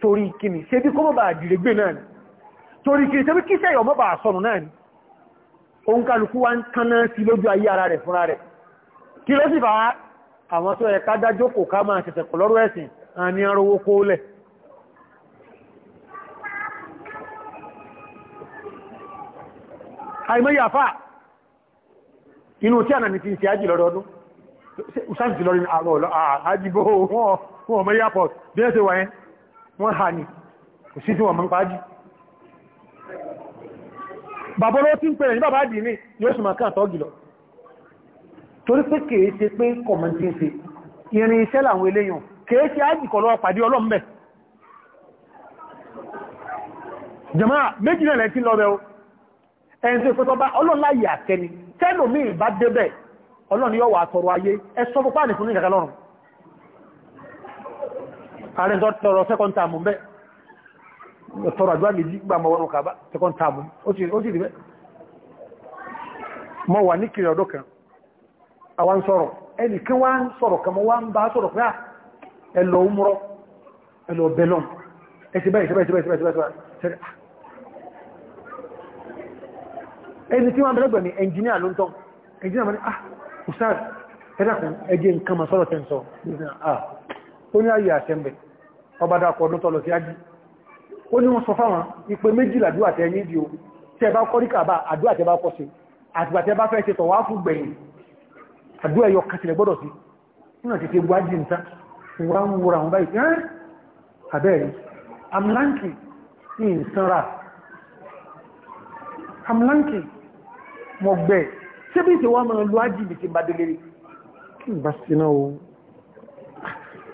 [SPEAKER 1] torí kíni ṣe bí kó mọ́ bá dìrẹ́gbé náà ni torí kíni ṣe bí kí sẹ́yọ̀ mọ́ bá sọnù náà ni òun kálukú wá ń kánná sí lójú ayé ara rẹ̀ fúnra rẹ̀ kí ló sì fà á àwọn tó ẹ̀ká dájó kò ká máa ṣẹ̀ṣẹ̀ pọ̀ lọ́rọ̀ ẹ̀sìn àní arówó kólẹ̀ àìmọ́yàfà inú tí ànà ní ti ń ṣe ájì lọ́dọọdún ṣáàjì lọ́rin ẹ́ wọ́n hà ní kò sí tí wọ́n mọ́ ń pàájì bàbá ló tí ń pèrè ní bàbá dì ní yóò sì máa kàn tọ́gì lọ torí pé kèé ṣe pé kọ̀mọ̀tí ṣe irin iṣẹ́ làwọn eléyàn kèé ṣe ájìkọ̀ lọ pàdé ọlọ́m̀bẹ̀ jẹ̀má méjì náà lẹ́tí lọ rẹ̀ o ẹ̀yìn tó pẹ́tọ́ bá ọlọ́láyà àtẹni tẹ́lòmí ìbá débẹ̀ ọlọ́ni yọ́ wà àtọrọ ayé ẹ sọ fún pàánì fún ní ìkàkà lọ́rùn ààrẹ tó tọrọ second term bẹ́ tọrọ àjúwà méjì gbà mọ̀ wọn kàbá second term ó sì rí bẹ́ mọ́ wà ní kiri ọdọ́ kan àwọn sọ̀rọ̀ ẹni kí wá ń sọ̀rọ̀ kan mọ́ wá ń bá sọ̀rọ̀ pé ẹlọ umrọ ẹlọ belon ẹsẹ̀ bẹ́ẹ̀ ẹsẹ̀ bẹ́ẹ̀ ẹsẹ̀ bẹ́ẹ̀ ẹni tí wọ́n bẹ̀rẹ̀ gbẹ̀mí ẹnjìníà ló ń tọ́ ẹnjìníà mọ́ ní ah ustaz ẹ̀dàkùn ẹgbẹ́ nǹkan masọ́rọ̀ ọba dákọ̀ ọdún tọ́lọ sí ájí ó ní wọ́n sọ fáwọn ìpè méjìlá àdúrà tẹ́ ní ìdí o tẹ́ bá kọ́ ríkà bá àdúrà tẹ́ bá kọ́ sí àtìgbà tẹ́ bá fẹ́ ṣe tọ̀wá fún gbẹ̀yìn àdúrà ẹyọ kàtìlẹ̀ gbọ́dọ̀ sí nínú àti ṣe buwájì ń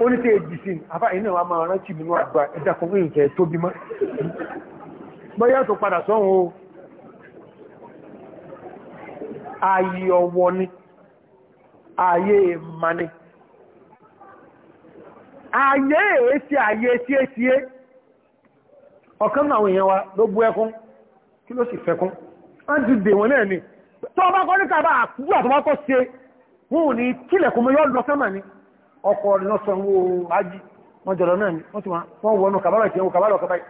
[SPEAKER 1] ó ní tí èjì sí àfá iná wa máa rántí nínú àgbà ẹ̀dà kan ní ìkẹ́ tó bímọ́ bọ́yá tó padà sọ́hun o ààyè ọwọ́ ni ààyè ma ni ààyè èsì ààyè sí èsì ọ̀kan náà àwọn èèyàn wa ló bú ẹkún kí ló sì fẹ́kún wọ́n ti dè wọ́n náà ni tó bá kọ́ ní kàbá àkúgbà tó bá kọ́ ṣe wọn ò ní kílẹ̀kùn mọ́ yọ́ lọ sẹ́mà ni ọkọ̀ rẹ̀ lọ́sọ̀wọ́ ájí wọ́n jọ̀lọ̀ náà ni wọ́n ti wọ́n wọnú kàbárọ̀ ìtìyàwó kàbárọ̀ kàbárọ̀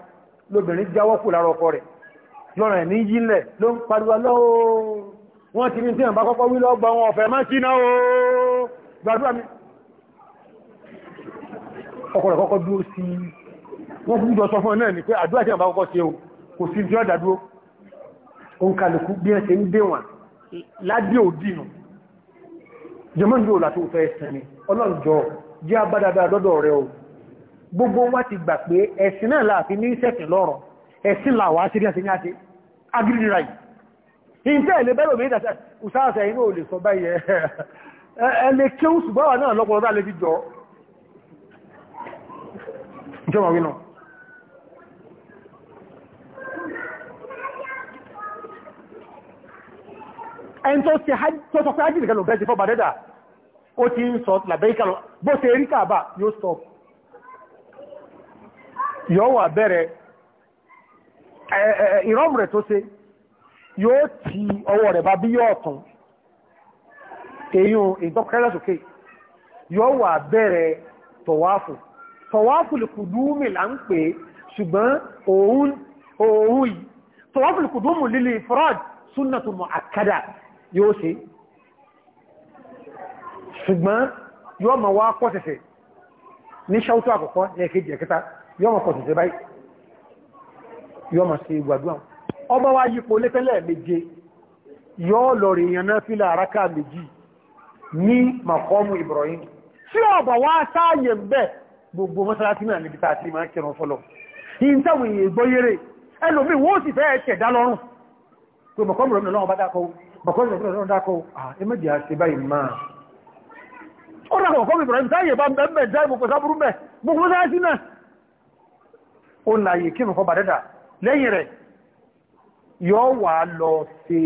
[SPEAKER 1] lóbìnrin jáwọ́ kù lára ọkọ rẹ̀ lọ́nà ẹ̀ ní yílẹ̀ ló ń pariwa lọ́wọ́ wọ́n ti ní tí àbá kọ́kọ́ wí lọ́gbà wọn ọ̀fẹ́ má kíná o gbàdúrà mi ọkọ rẹ̀ kọ́kọ́ dúró sí wọ́n fún jọ sọ fún náà ni pé àdúrà tí àbá kọ́kọ́ ṣe o kò sí jọ́ dàdúró o ń kàlùkù bí ẹ ṣe ń dé wọn ládé òdì nù jẹmọ́ ní òlà tó fẹ́ sẹ́ni ọlọ́njọ́ jẹ́ abádádá lọ́dọ̀ rẹ o gbogbo wa ti gbà pé ẹ̀sìn náà láàfin ní sẹ́sìn lọ́rọ̀ ẹ̀sìn làwà sírí àti ní àti agírí ráyì ìntẹ́ ilé bẹ́rẹ̀ òmìnir ìdàṣẹ́ ìsáàṣẹ́ inú olè sọ báyẹ ẹlẹ́ kí ó ṣùgbọ́wà náà lọ́pọ̀lọ́ bá lè fi jọ ìjọba wínà ẹni tó ti tọ́tọ́ pé ájìlì kẹlò bẹ́ẹ̀ ti fọ́ bàdẹ́dà ó ti ń sọ làbẹ́ríkà lọ bó ṣe rí kàbà yóò sọ yóò wà bẹ̀rẹ̀ ìrọ́mù rẹ̀ tó ṣe yóò ti ọwọ́ rẹ̀ bá bí yóò tán èyàn ìtọ́kẹ́lẹ̀ sókè yóò wà bẹ̀rẹ̀ tọ̀wáfù tọ̀wáfù lè kùdúmì là ń pè ṣùgbọ́n òun òun yìí tọ̀wáfù lè lílì ifrad sunnatun mu'akkada yóò ṣe ṣùgbọ́n yóò mọ̀ wá pọ̀sẹ̀sẹ̀ ní ṣáútọ́ àkọ́kọ́ lẹ́ẹ̀kejì ẹ̀kẹta yóò mọ̀ pọ̀sẹ̀sẹ̀ báyìí yóò mọ̀ sí ìgbàdúwà ọba wá yípo lẹ́tẹ́lẹ̀ méje yóò lọ rí ìyànná fílà àrákà méjì ní makọ́mù Ibrahim tí ọba wá sáàyè ń bẹ́ gbogbo mọ́sálásí náà níbi tàà sí máa kírun fọ́lọ̀ ìntàwọn èèyàn gbọ́yẹ̀rẹ̀ ẹlòmí wọ́n sì fẹ́ ẹ̀ṣẹ̀ dá lọ́rùn pé makọ́mù rẹ̀ náà bá dákọ́ makọ́mù rẹ̀ náà dákọ́ ẹmẹ́jì àti báyìí máa ó rọ̀kọ̀ kọ́ Ibrahim táyè bá bẹ́ẹ̀mẹ̀ já ìbùkù sábúrú mẹ́ gbogbo sáyẹ́sí náà ó láyè kí nǹkan bàdẹ́dà lẹ́yìn rẹ̀ yọ́ wà lọ sí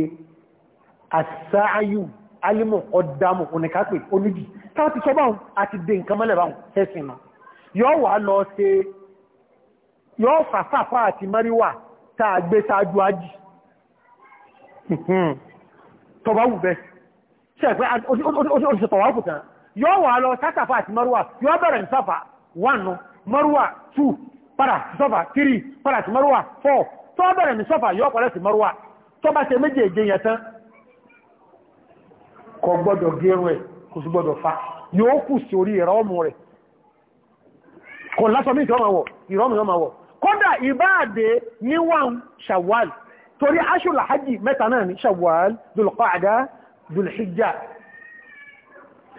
[SPEAKER 1] àṣááyù alímọ̀ ọ̀dàmù oníkápẹ̀ oníjì tá ti sọ báhùn àti dé nǹkan mọ́lẹ̀ báhùn sẹ́sìn náà yọ́ wà lọ sí yọ́ fàfàfà àti mẹ́ríwà tá a yóò wà lọ sásàfà àti mọ́rúwà yóò bẹ̀rẹ̀ sọ́fà 1 mọ́rúwà 2 padà sọ́fà 3 padà sí mọ́rúwà 4 tó bẹ̀rẹ̀ ní sọ́fà yóò padà sí mọ́rúwà tó bá ṣe méjèèjì yẹn tán kò gbọ́dọ̀ gẹ́rùn ẹ̀ kò sì gbọ́dọ̀ fa yóò kù sí orí ìrọ́mù rẹ̀ kò lásọ mí ìrọ́mù kódà ìbáàdé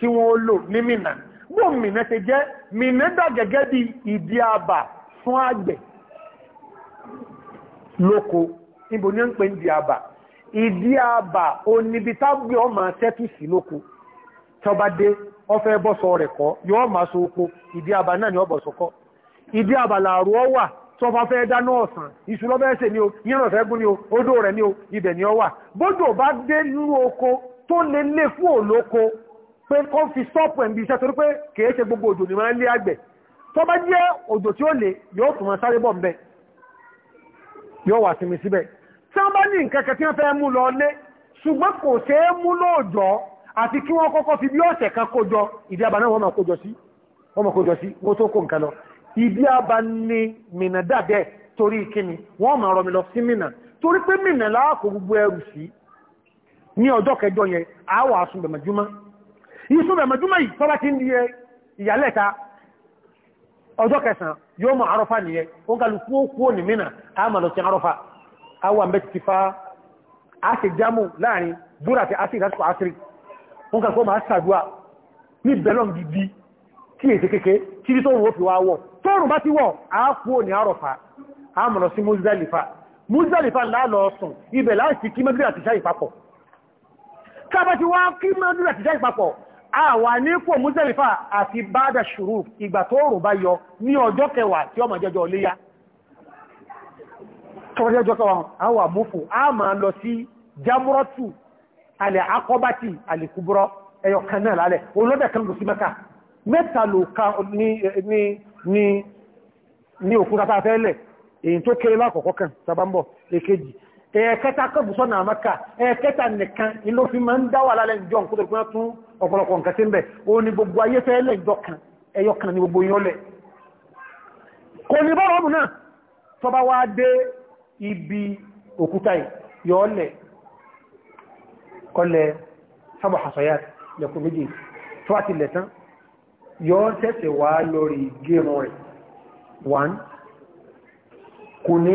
[SPEAKER 1] tí wọ́n lò ní mìnà bó mìnà ti jẹ́ mìnà dà gẹ́gẹ́ bí ìdí àbà fún àgbẹ̀ lóko níbo ń pè ní ìdí àbà ìdí àbà oníbi tábí ọmọ tẹ́tù sí lóko tọba dé ọfẹ́ bọ́sọ rẹ̀ kọ́ so oko ìdí àbà náà ni ọbọ̀ sọkọ́ ìdí àbà ọ wà fẹ́ dáná ọ̀sán ni o yírànfẹ́ gún ni o odó rẹ̀ ni o ibẹ̀ ni ọ oko tó fún pé kó fi sọ́ọ̀pù ẹ̀mí iṣẹ́ torí pé kìí ṣe gbogbo òjò ní máa ń lé àgbẹ̀ tó bá jẹ́ òjò tí ó lè yóò tún máa sáré bọ̀ ń bẹ̀ yóò wà sinmi síbẹ̀ tí wọ́n bá ní nkẹ́kẹ́ tí wọ́n fẹ́ mú lọ lé ṣùgbọ́n kò ṣe é mú lóòjọ́ àti kí wọ́n kọ́kọ́ fi bí ọ̀sẹ̀ kan kójọ ìdí abà náà wọ́n máa kójọ sí wọ́n tó kó nǹkan lọ ìdí abà ni mìnà dàbẹ̀ torí kíni wọ́n máa rọmi lọ sí mìnà torí pé mìnà láàkó gbogbo ẹrù sí ní ọjọ́ kẹjọ yẹn àá wà iṣu bẹ̀mọ̀ júmọ̀ yìí tọ́bá ti ń di eh, ìyàlẹ́ta ọjọ́ kẹsàn yóò mọ̀ arọ́fà nìyẹ ó gálù kú ó kú ní mìíràn àmà lọ sí arọ́fà àwọn àmì ti fa áṣì jámù láàrin dúrà àti áṣì ìdásíkò áṣì ó gálù kó máa ṣàdúà ní bẹ̀lọ́n gidi kí èsì kéke kí ní tóòrùn ó fi wá wọ̀ tóòrùn bá ti wọ̀ á àwà ní kò múzẹ̀lífà àti bádà ṣùrù ìgbà tó rò bá yọ ní ọjọ́ kẹwàá tí ọmọ jẹjọ léyá tọ́jọ́ kẹwàá àwà múfù a ma lọ sí jamurotu alẹ́ akọbati alìkúbúrọ́ ẹyọ kan náà lálẹ́ kan lọ sí ka ní òkúta lẹ̀ èyí tó kéré lákọ̀ọ́kọ́ kan ẹ̀ẹ̀kẹta kọ́ bùsọ́ náà mẹ́ka ẹ̀ẹ̀kẹta nìkan ilé òfin máa ń dá wà lálẹ́ ìjọ nǹkó tó pín tún ọ̀pọ̀lọpọ̀ nǹkan tí ń bẹ̀ ó ní gbogbo ayé fẹ́ lẹ̀ ìjọ kan ẹyọ kan gbogbo yín ibi òkúta yọ lẹ̀ kọlẹ̀ sábà àṣọyà lẹ́kùn méjì tó wá ti lẹ̀ tán yọ one kò ní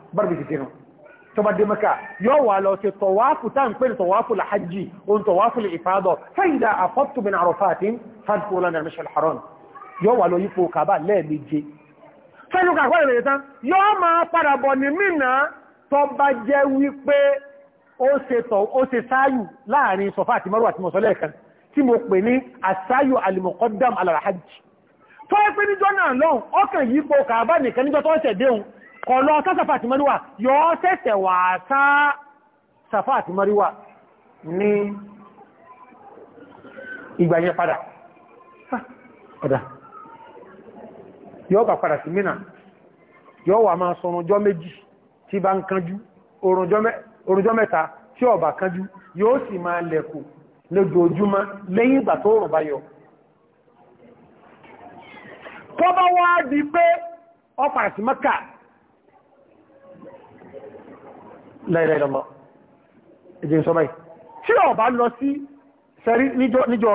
[SPEAKER 1] bárbì tètè nù tọba dé mẹ́ka yóò wà lọ sí tọwáfù tá ń pè ní tọwáfù lè hajji o ń tọwáfù lè ìfádọ̀ fẹ́ìdá àfọ́tù bin àrọ̀fàtí fàdùkú lọ́nà mẹ́ṣẹ̀l haram yóò wà lọ yípo kàbà lẹ́ẹ̀méje ní mìnà tọba ọkàn yípo kàbà nìkan níjọ́ tó ń ṣẹ̀déhùn kọlọ ta safati mariwa yọ sẹsẹ wa ta safati mariwa ni igba yẹ pada pada yọ ba pada si mina yọ wa ma sọ ọrunjọ meji ti ba n kanju ọrunjọ mẹta ti ọba kanju yọ si ma lẹku lójoojúmọ lẹyìn ìgbà tó rùn bá yọ tọ́bá wá di pé ọ láìláìlọ́lọ́ èdè ń tí bá lọ sí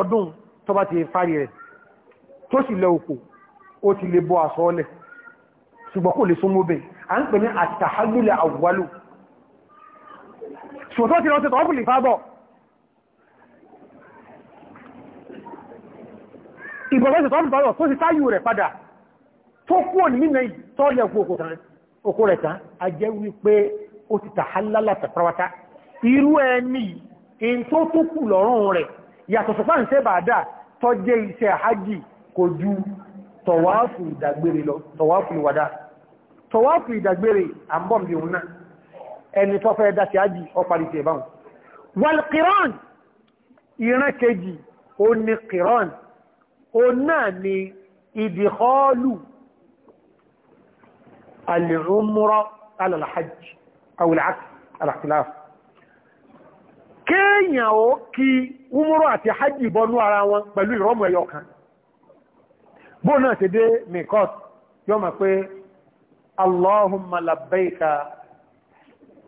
[SPEAKER 1] ọdún tó bá ti fari rẹ̀ tó sì lẹ òkò ó ti lè bọ́ àsọ́ọ́lẹ̀ ṣùgbọ́n kò lè súnmọ́ bẹ̀ à ń pè ní àwọ̀wálù ṣùgbọ́n tí wọ́n ti tọ́ọ̀pù lè fábọ̀ ìbọ̀wọ́ ti ó ti tàhálálà tàpáwátá irú ẹni in tó tó kù lọ́rùn rẹ̀ yàtọ̀ sọpá ń sẹ́ bàdá tó jẹ́ iṣẹ́ hajji kò ju tọ̀wáàfù ìdàgbére lọ tọ̀wáàfù ìwàdá tọ̀wáàfù ìdàgbére àbọ̀m̀bì òun náà ẹni او العكس الاختلاف كي يوكي ومراتي حجي بنو على و بلو يرمو يوكا بنا تدي ميكوت يوم اقوي اللهم لبيك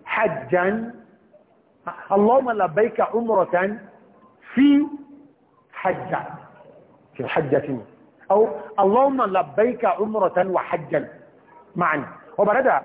[SPEAKER 1] حجا اللهم لبيك عمره في حجه في الحجه او اللهم لبيك عمره وحجا معا وبردها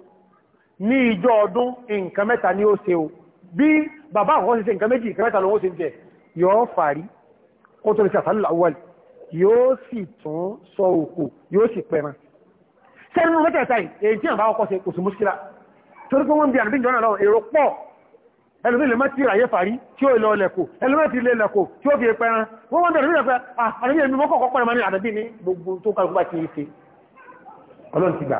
[SPEAKER 1] ní ìjọ ọdún nǹkan mẹ́ta ni ó ṣe o bí bàbá àwọn ṣe ṣe nǹkan méjì nǹkan mẹ́ta ló ṣe ń jẹ yóò fàárí ó tó lè ṣàtàlù àwọ̀lì yóò sì tún sọ òkú yóò sì pẹran sẹ́nu mẹ́tẹ̀ẹ̀ta yìí èyí tí àbá ọkọ̀ ṣe kò sí múṣkílá torí pé wọ́n bí àdúgbò jọ́nà lọ èrò pọ̀ ẹlùmí lè mẹ́tì ìràyè fàárí tí ó lọ lẹ́kọ̀ọ́ ẹlùmí ti lè lẹ́kọ̀ọ́ tí ó fi pẹran wọ́n wọ́n bẹ̀rẹ̀ nígbà pé ah, àdúgbò èmi mọ́kọ̀ kọ́kọ́ pẹ̀rẹ̀ máa ní àdàbí ní gbogbo tó kálukú bá ti ṣe ọlọ́run ti gbà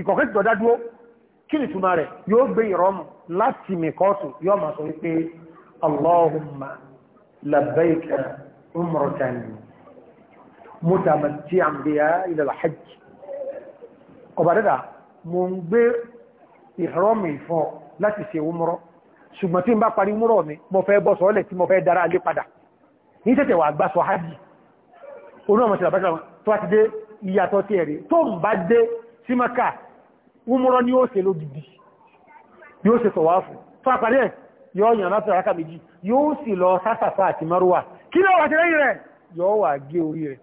[SPEAKER 1] ìkọ̀kẹ́ ti dọ̀dá dúró kí ni túnmà rẹ̀ yóò gbé ìrọ́mù láti mẹ́kọ́ọ̀tù yóò máa sọ wípé Allahumma labbaika umratan mutamatti'an biha ila al-hajj ọba dẹ́dà mo ń gbé ìrọ́mù ìfọ́ láti ṣe umrọ́ ṣùgbọ́n tí n bá parí umrọ́ mi mo fẹ́ bọ́ sọ́ọ́lẹ̀ tí mo fẹ́ dára alé padà ní tẹ́tẹ̀ wà gbá sọ hajj onú ọmọ ṣe làbájá tó wá ti dé ìyàtọ̀ tí ẹ̀rí tó ń bá dé sí maka umúrọ́ ni ó ṣe ló dìdì yóò ṣe tọ̀wáfù tó àpàdé ẹ̀ yóò yàn láti àrákà méjì yóò sì lọ sásàfà àti márùwà kí ló wà tẹ́lẹ̀ rẹ̀ yóò wà gé orí rẹ̀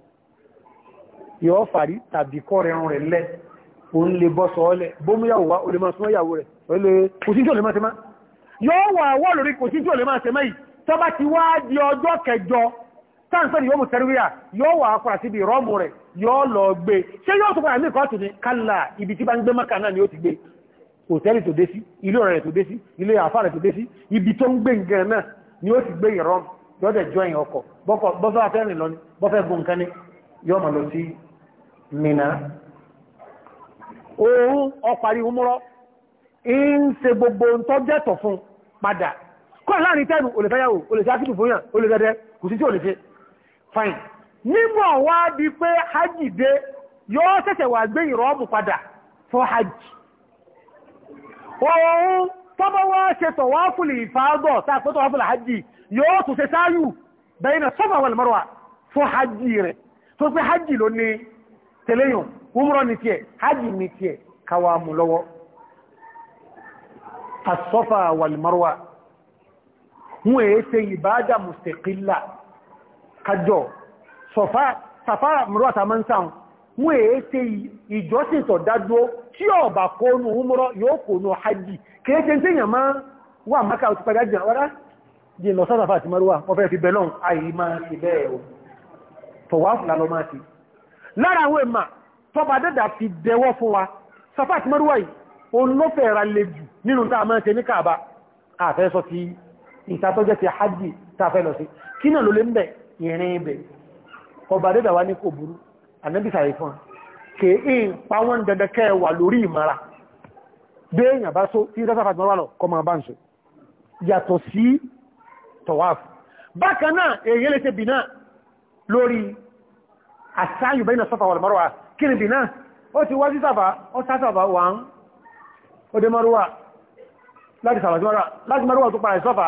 [SPEAKER 1] yóò fàrí tàbí kọ́ rẹ̀ rẹ̀ lẹ́ o ń lè bọ́ sọ́ọ́lẹ̀ bómúyàwó wa o lè máa súnmọ́yàwó rẹ̀ o lè táǹsẹ̀ yóò mú tẹ́rìwíyà yóò wà ápàá sí ibi rọ́ọ̀mù rẹ̀ yóò lọ gbé ṣé yóò tó pàdánù kọ́ọ̀tù ní kálà ibi tí bá ń gbé mọ́kà náà ni ó ti gbé òtẹ́lì tó dé sí ilé ọ̀rẹ́ rẹ̀ tó dé sí ilé àfà rẹ̀ tó dé sí ibi tó ń gbé nǹkan náà ni ó ti gbé ìrọ́m lọ́dẹ̀ jọyìn ọkọ̀ bọ́fẹ́ afẹ́rin lọ ní bọ́fẹ́ gun nǹkan ní yóò mọ̀ lọ sí Mínà òun ọparí ṣe fine nígbọ̀ wá di pé hajji dé yóò ṣẹ̀ṣẹ̀ wà gbé ìrọ́mù padà fún hajji ọ̀hún tọ́bọ̀ wá ṣe tọ̀wáfùlì ìfàádọ̀ sáàpẹ́ tọ̀wáfùlì hajji yóò tún ṣe sáyù bẹ́yìn sọ́fà wal marwa fún hajji rẹ̀ tó pé hajji ló ní tẹ̀léyàn umrọ̀ wọ́n èé ṣe ìbádà mustaqilla kájọ sàfá mọ́rọ̀ àtàmọ́sáhùn wọ́n èé ṣe ìjọsìn tọ̀ dádúó tí ọ̀bà kónú múrọ̀ yóò kónú hajji kéèkéé tí èyàn máa wà máa káà òtúpadà jẹ́ wọ́n jẹ́ lọ sáàfà àti mọ́rọ̀ wọ́n fẹ́ fi bẹ̀lọ́n àìrí máa ti bẹ́ẹ̀ o tọ̀wáfù lálọ máa ti lára àwọn èèmà tọba dẹ́dà ìrìn ibẹ̀ ọba dẹ́dà wá ní kò burú ànábìsàrí fún kèé pa wọ́n dandan kẹwà lórí ìmara béèyàn bá só tí rẹ́sà fàtí mọ́rọ̀ kọmọ bá ń sọ yàtọ̀ sí tọ̀wáàfù bákan náà èyí lè ṣe bìnà lórí àṣáyù bẹ́yìn sọ́fà wà mọ́rọ̀ kí ni bìnà ó ti wá sí sàfà ó sàfà wà ń ó dé mọ́rọ̀ láti sàfà sí mọ́rọ̀ tó parí sọ́fà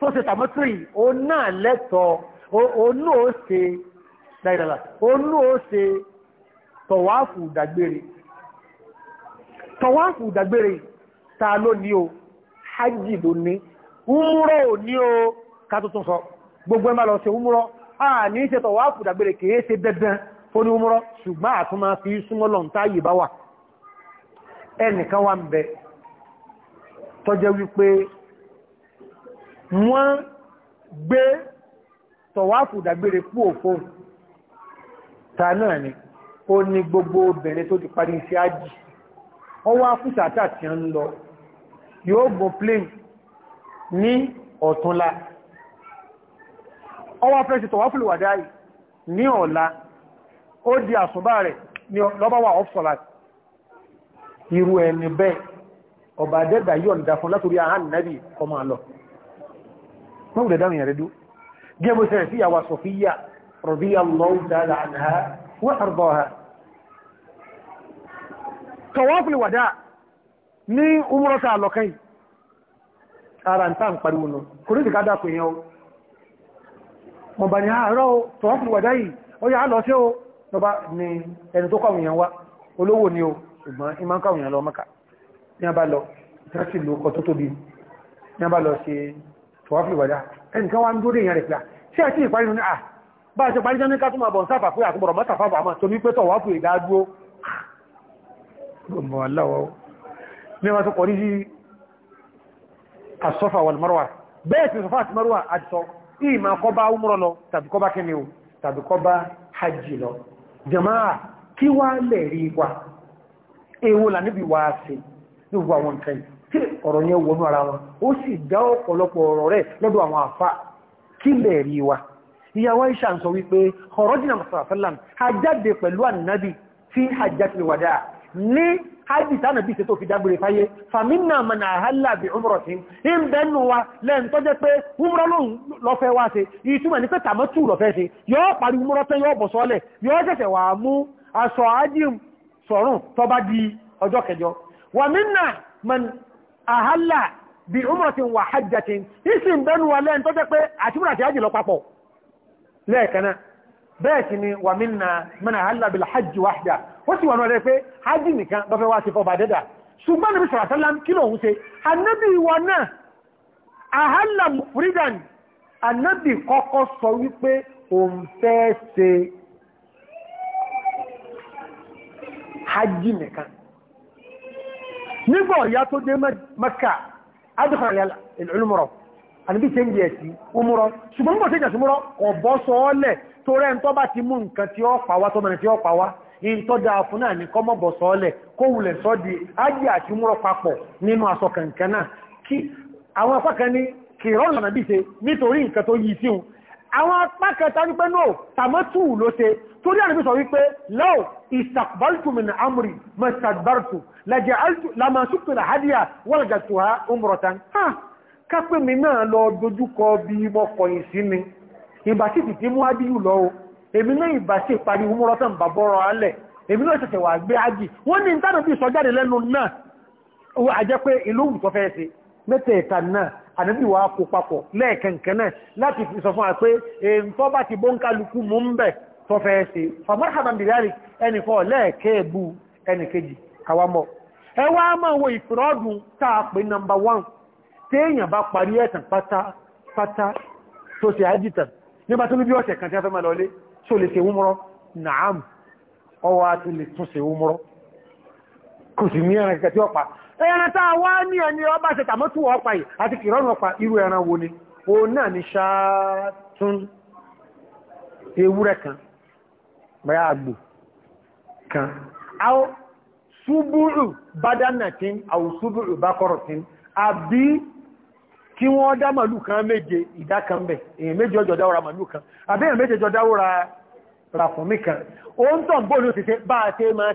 [SPEAKER 1] tó ṣe tàmọ́tírì òun náà lẹ́tọ̀ọ́ òun náà ó ṣe dáìdàlà òun ó ṣe tọ̀wáàfù dàgbére tọ̀wáàfù dàgbére ta ló ní o hajji ló ní umúrọ̀ ò ní o ká tuntun sọ gbogbo ẹ má lọ ṣe umúrọ̀ a ní ṣe tọ̀wáàfù dàgbére kìí ṣe dandan fún ní umúrọ̀ ṣùgbọ́n àtúnmá fi súnmọ́ lọ́n táyì bá wà ẹnìkan wà ń bẹ wọ́n gbé tọ̀wáfù dàgbére kú òfò ta náà ni ó ní gbogbo obìnrin tó ti parí iṣẹ́ ájì ọwọ́ afúsàtà tí ó ń lọ yóò gùn plane ní ọ̀túnla ọwọ́ afẹ́ ṣe tọ̀wáfù lùwàdá ní ọ̀la ó di àsùnbà rẹ̀ ní lọ́bàwà ọ̀fọ́lá irú ẹni bẹ́ẹ̀ ọba dẹ́gbà yọ̀ǹda látorí nẹ́bì ọmọ àlọ́ wọ́n wùdẹ̀ dáhùn yàrá dúró gẹ́gbẹ́ sẹ́rẹ̀ sí àwà sọ̀fíyà radiyallahu ta'ala anha wa ardaha tawaful wada ní umrata lọ́kàn ara ń tàn pariwo nù kò ní ìdíkádà pè yẹn o mọ̀bà ní àárọ̀ ah, tawaful wada olówó ni o ṣùgbọ́n ìmọ̀ kọ̀wìn yẹn lọ mọ́ka ní a bá lọ ìtẹ́sì lókọ tó tóbi ní a bá lọ ṣe tọ́wọ́fì wọ̀dá ẹnìkan wá ń dúró èèyàn rẹ̀ pé ṣé àti ìparí ní à ah, bá ṣe parí jẹ́ ní ká tún máa bọ̀ sáfà fún àtúbọ̀rọ̀ mọ́ta fáfà àmà tó ní pé tọ́wọ́fì ìdádúró gbọmọ̀ aláwọ̀ ní wọ́n tó kọ̀ ní sí asọ́fà wal marwa bẹ́ẹ̀ tí sọfà àti marwa àti sọ wa èwo ní gbogbo àwọn nǹkan yìí tí ọ̀rọ̀ yẹn wọnú ara wọn ó sì dá ọ̀pọ̀lọpọ̀ ọ̀rọ̀ rẹ̀ lọ́dọ̀ àwọn àfà kí lẹ̀ rí wa ìyàwó Aisha ń sọ wípé ọ̀rọ̀ jìnà mọ̀sàlásálàm ajáde pẹ̀lú ànábì tí hajjatul wada ní hajji tánàbí ṣe tó fi dágbére fáyé fàmínà mọ̀nà àhálà bí umrọ̀ sí ń bẹnu wa lẹ́n tó jẹ́ pé umrọ̀ lóhun lọ́fẹ́ wá ṣe ìtumọ̀ ní pé tàmọ́tù lọ́fẹ́ ṣe yóò parí umrọ̀ tán yóò bọ̀ sọ́lẹ̀ yóò ṣẹ̀ṣẹ̀ wà mú aṣọ ajim sọ̀rùn tó di ọjọ́ kẹjọ wàmínà àhálà bí umratin wà hajjatin isi ń bẹnu wa lẹ́n tó jẹ́ pé àti múra àti hajji lọ papọ̀ lẹ́ẹ̀kaná bẹ́ẹ̀ sì ni wà minna mẹ́nà àhálà bil hajji wahda ó sì wà náà rẹ̀ pé hajji nìkan lọ́fẹ́ wá sí fọba dẹ́dà ṣùgbọ́n níbi sàrásálám kí ló ń ṣe anábì wa náà nígbà ọ̀yá tó dé mẹ́kà adìkọ̀rẹ̀ ìlúmọ̀rọ̀ àníbí ṣe ń jẹ́ sí umúrọ̀ ṣùgbọ́n mọ̀ sí ìjàsúmúrọ̀ ọ̀bọ́ sọ́ọ́lẹ̀ tó rẹ̀ ń tọ́ bá ti mú nǹkan tí ó pàwá tó mẹ́rin tí ó pàwá in tó dáa fún náà ní kọ́mọ̀ bọ̀ sọ́ọ́lẹ̀ kó wulẹ̀ sọ́ di àwọn apá kẹta wípé no tàmọ́tù ló ṣe torí àrẹ́bí sọ wípé lọ́ọ̀ ìsàkbáltù min amri mẹ́sàgbártù lẹ́jẹ̀ lámà sútù là hádìyà wọ́n gàtù ha umratan ha kápẹ́ mi náà lọ dojúkọ bí mọ́ kọ̀yìn sí ni ìbá sì ti umratan bàbọ́rọ̀ alẹ̀ èmi náà ṣẹ̀ṣẹ̀ wà gbé ájì wọ́n ní ìtànà bí sọ jáde lẹ́nu ànábì wa kò papọ̀ lẹ́ẹ̀kẹ̀kẹ̀ náà láti fi sọ fún wa pé èyí tó bá ti bó ń kálukú mú ń bẹ̀ tó fẹ́ ṣe fàmọ́sàbà bìrìárì ẹnì kan lẹ́ẹ̀kẹ́ bu ẹnì kejì àwamọ̀ ẹ wá máa wo ìfìrọ́dùn tá a pè nọmba wán téèyàn bá parí ẹ̀tàn pátápátá kò sì ní ẹran tí ọ̀pá ẹran tá a wá ní ẹni ọba ṣe tàmọ́tù ọpa yìí àti kìrọ́nù ọpa ẹran wo ni o náà ni ṣáàtún ewúrẹ́ kan bẹ́ẹ̀ àgbò kan àwọn ṣúbúrù bádánàtín àwọn ṣúbúrù bákọrọ̀tín àbí kí wọ́n dá màlúù kan méje ìdá kan bẹ̀ èyàn méje ọjọ́ dáwọ́ra kan àbí èyàn méje ọjọ́ dáwọ́ra ràfọ̀mí kan ó ń tàn bóòlù bá a tẹ́ máa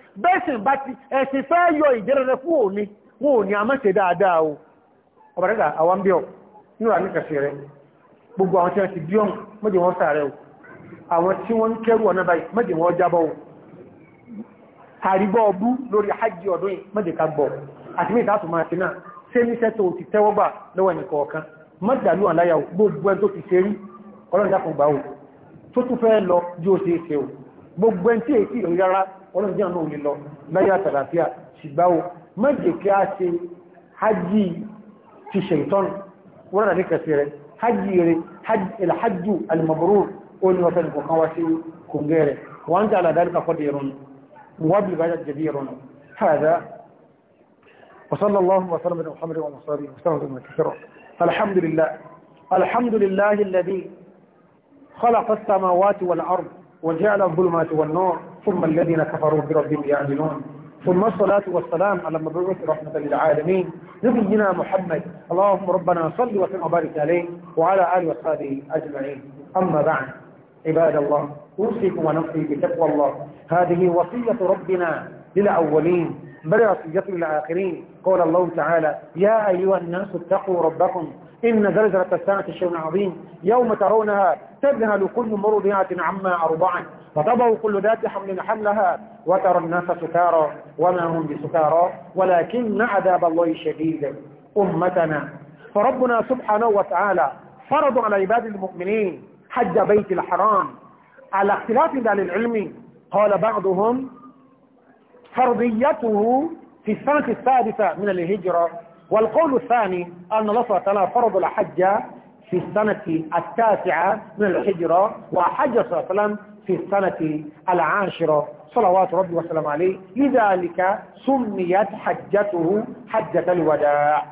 [SPEAKER 1] bẹ́ẹ̀sìn bá ti ẹ̀sìn fẹ́ yọ ìjẹ́rẹ̀rẹ̀ fún òní wọn ò ní a mọ́ṣe dáadáa o ọ̀bàdàdà àwọn bí ọ níwà ní kàṣẹ rẹ gbogbo àwọn tí wọ́n ti bí ọ̀n mọ́jẹ wọn sàárẹ̀ o àwọn tí wọ́n ń kẹrù ọ̀nà báyìí mọ́jẹ wọn jábọ̀ o àrígbọ́ ọbú lórí hajj ọdún yìí mọ́jẹ ká gbọ́ àti mí ìtàtù máa gbogbo ẹni tó ti tí èyí rárá ọlọ́njẹ́ náà lè lọ láyé àtàlàfíà ṣìgbáwò mẹ́jẹ̀ kí a ṣe hajji ti ṣẹ̀tọ́n wọ́n rà ní kẹsì rẹ̀ hajji rẹ̀ alhajju almabrur ó ní wọ́n fẹ́ kan wá sí kòngẹ́ rẹ̀ wọ́n وصلى الله وسلم على محمد وعلى اله الحمد لله الحمد لله الذي خلق السماوات والأرض وجعل الظلمات والنور ثم الذين كفروا بربهم يعملون ثم الصلاة والسلام على مبعوث رحمة للعالمين نبينا محمد اللهم ربنا صل وسلم وبارك عليه وعلى آله وصحبه أجمعين أما بعد عباد الله أوصيكم ونفسي بتقوى الله هذه وصية ربنا للأولين بل وصية للآخرين قول الله تعالى يا أيها الناس اتقوا ربكم إن زلزلة الساعة شيء عظيم يوم ترونها تذهل كل مرضعة عما أرضعت فتضع كل ذات حمل حملها وترى الناس سكارى وما هم بسكارى ولكن عذاب الله شديد أمتنا فربنا سبحانه وتعالى فرض على عباد المؤمنين حج بيت الحرام على اختلاف اهل العلم قال بعضهم فرضيته في السنة السادسة من الهجرة والقول الثاني أن الله سبحانه وتعالى فرض الحج في السنة التاسعة من الهجرة وحج صلى الله عليه وسلم في السنة العاشرة صلوات ربي وسلم عليه لذلك سميت حجته حجة الوداع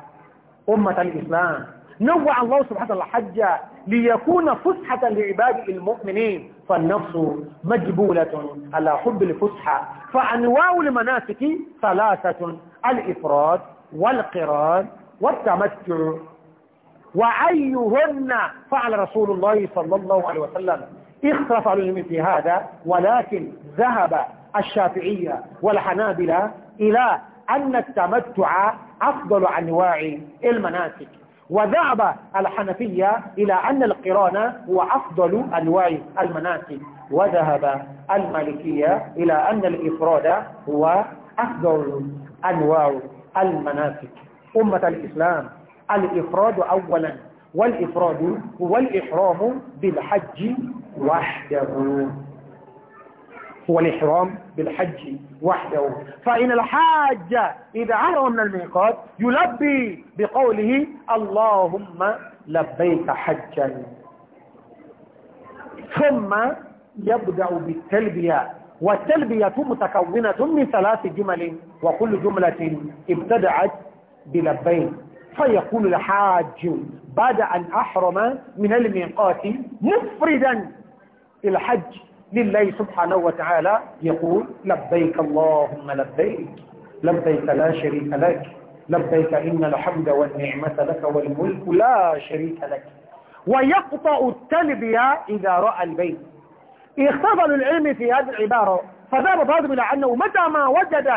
[SPEAKER 1] أمة الإسلام نوع الله سبحانه وتعالى حجة ليكون فسحة لعباد المؤمنين فالنفس مجبولة على حب الفسحة فأنواع المناسك ثلاثة الإفراد والقران والتمتع وأيهن فعل رسول الله صلى الله عليه وسلم اختلف العلم في هذا ولكن ذهب الشافعية والحنابلة إلى أن التمتع أفضل أنواع المناسك وذهب الحنفية إلى أن القران هو أفضل أنواع المناسك وذهب المالكية إلى أن الإفراد هو أفضل أنواع المناسك أمة الإسلام الإفراد أولا والإفراد هو الإحرام بالحج وحده هو الإحرام بالحج وحده فإن الحاج إذا أهرم من الميقات يلبي بقوله اللهم لبيك حجا ثم يبدأ بالتلبية والتلبية متكونة من ثلاث جمل وكل جملة ابتدعت بلبين فيقول الحاج بعد أن أحرم من الميقات مفردا الحج لله سبحانه وتعالى يقول لبيك اللهم لبيك لبيك لا شريك لك لبيك إن الحمد والنعمة لك والملك لا شريك لك ويقطع التلبية إذا رأى البيت اختبر العلم في هذه العبارة فذهب بعضهم إلى أنه متى ما وجد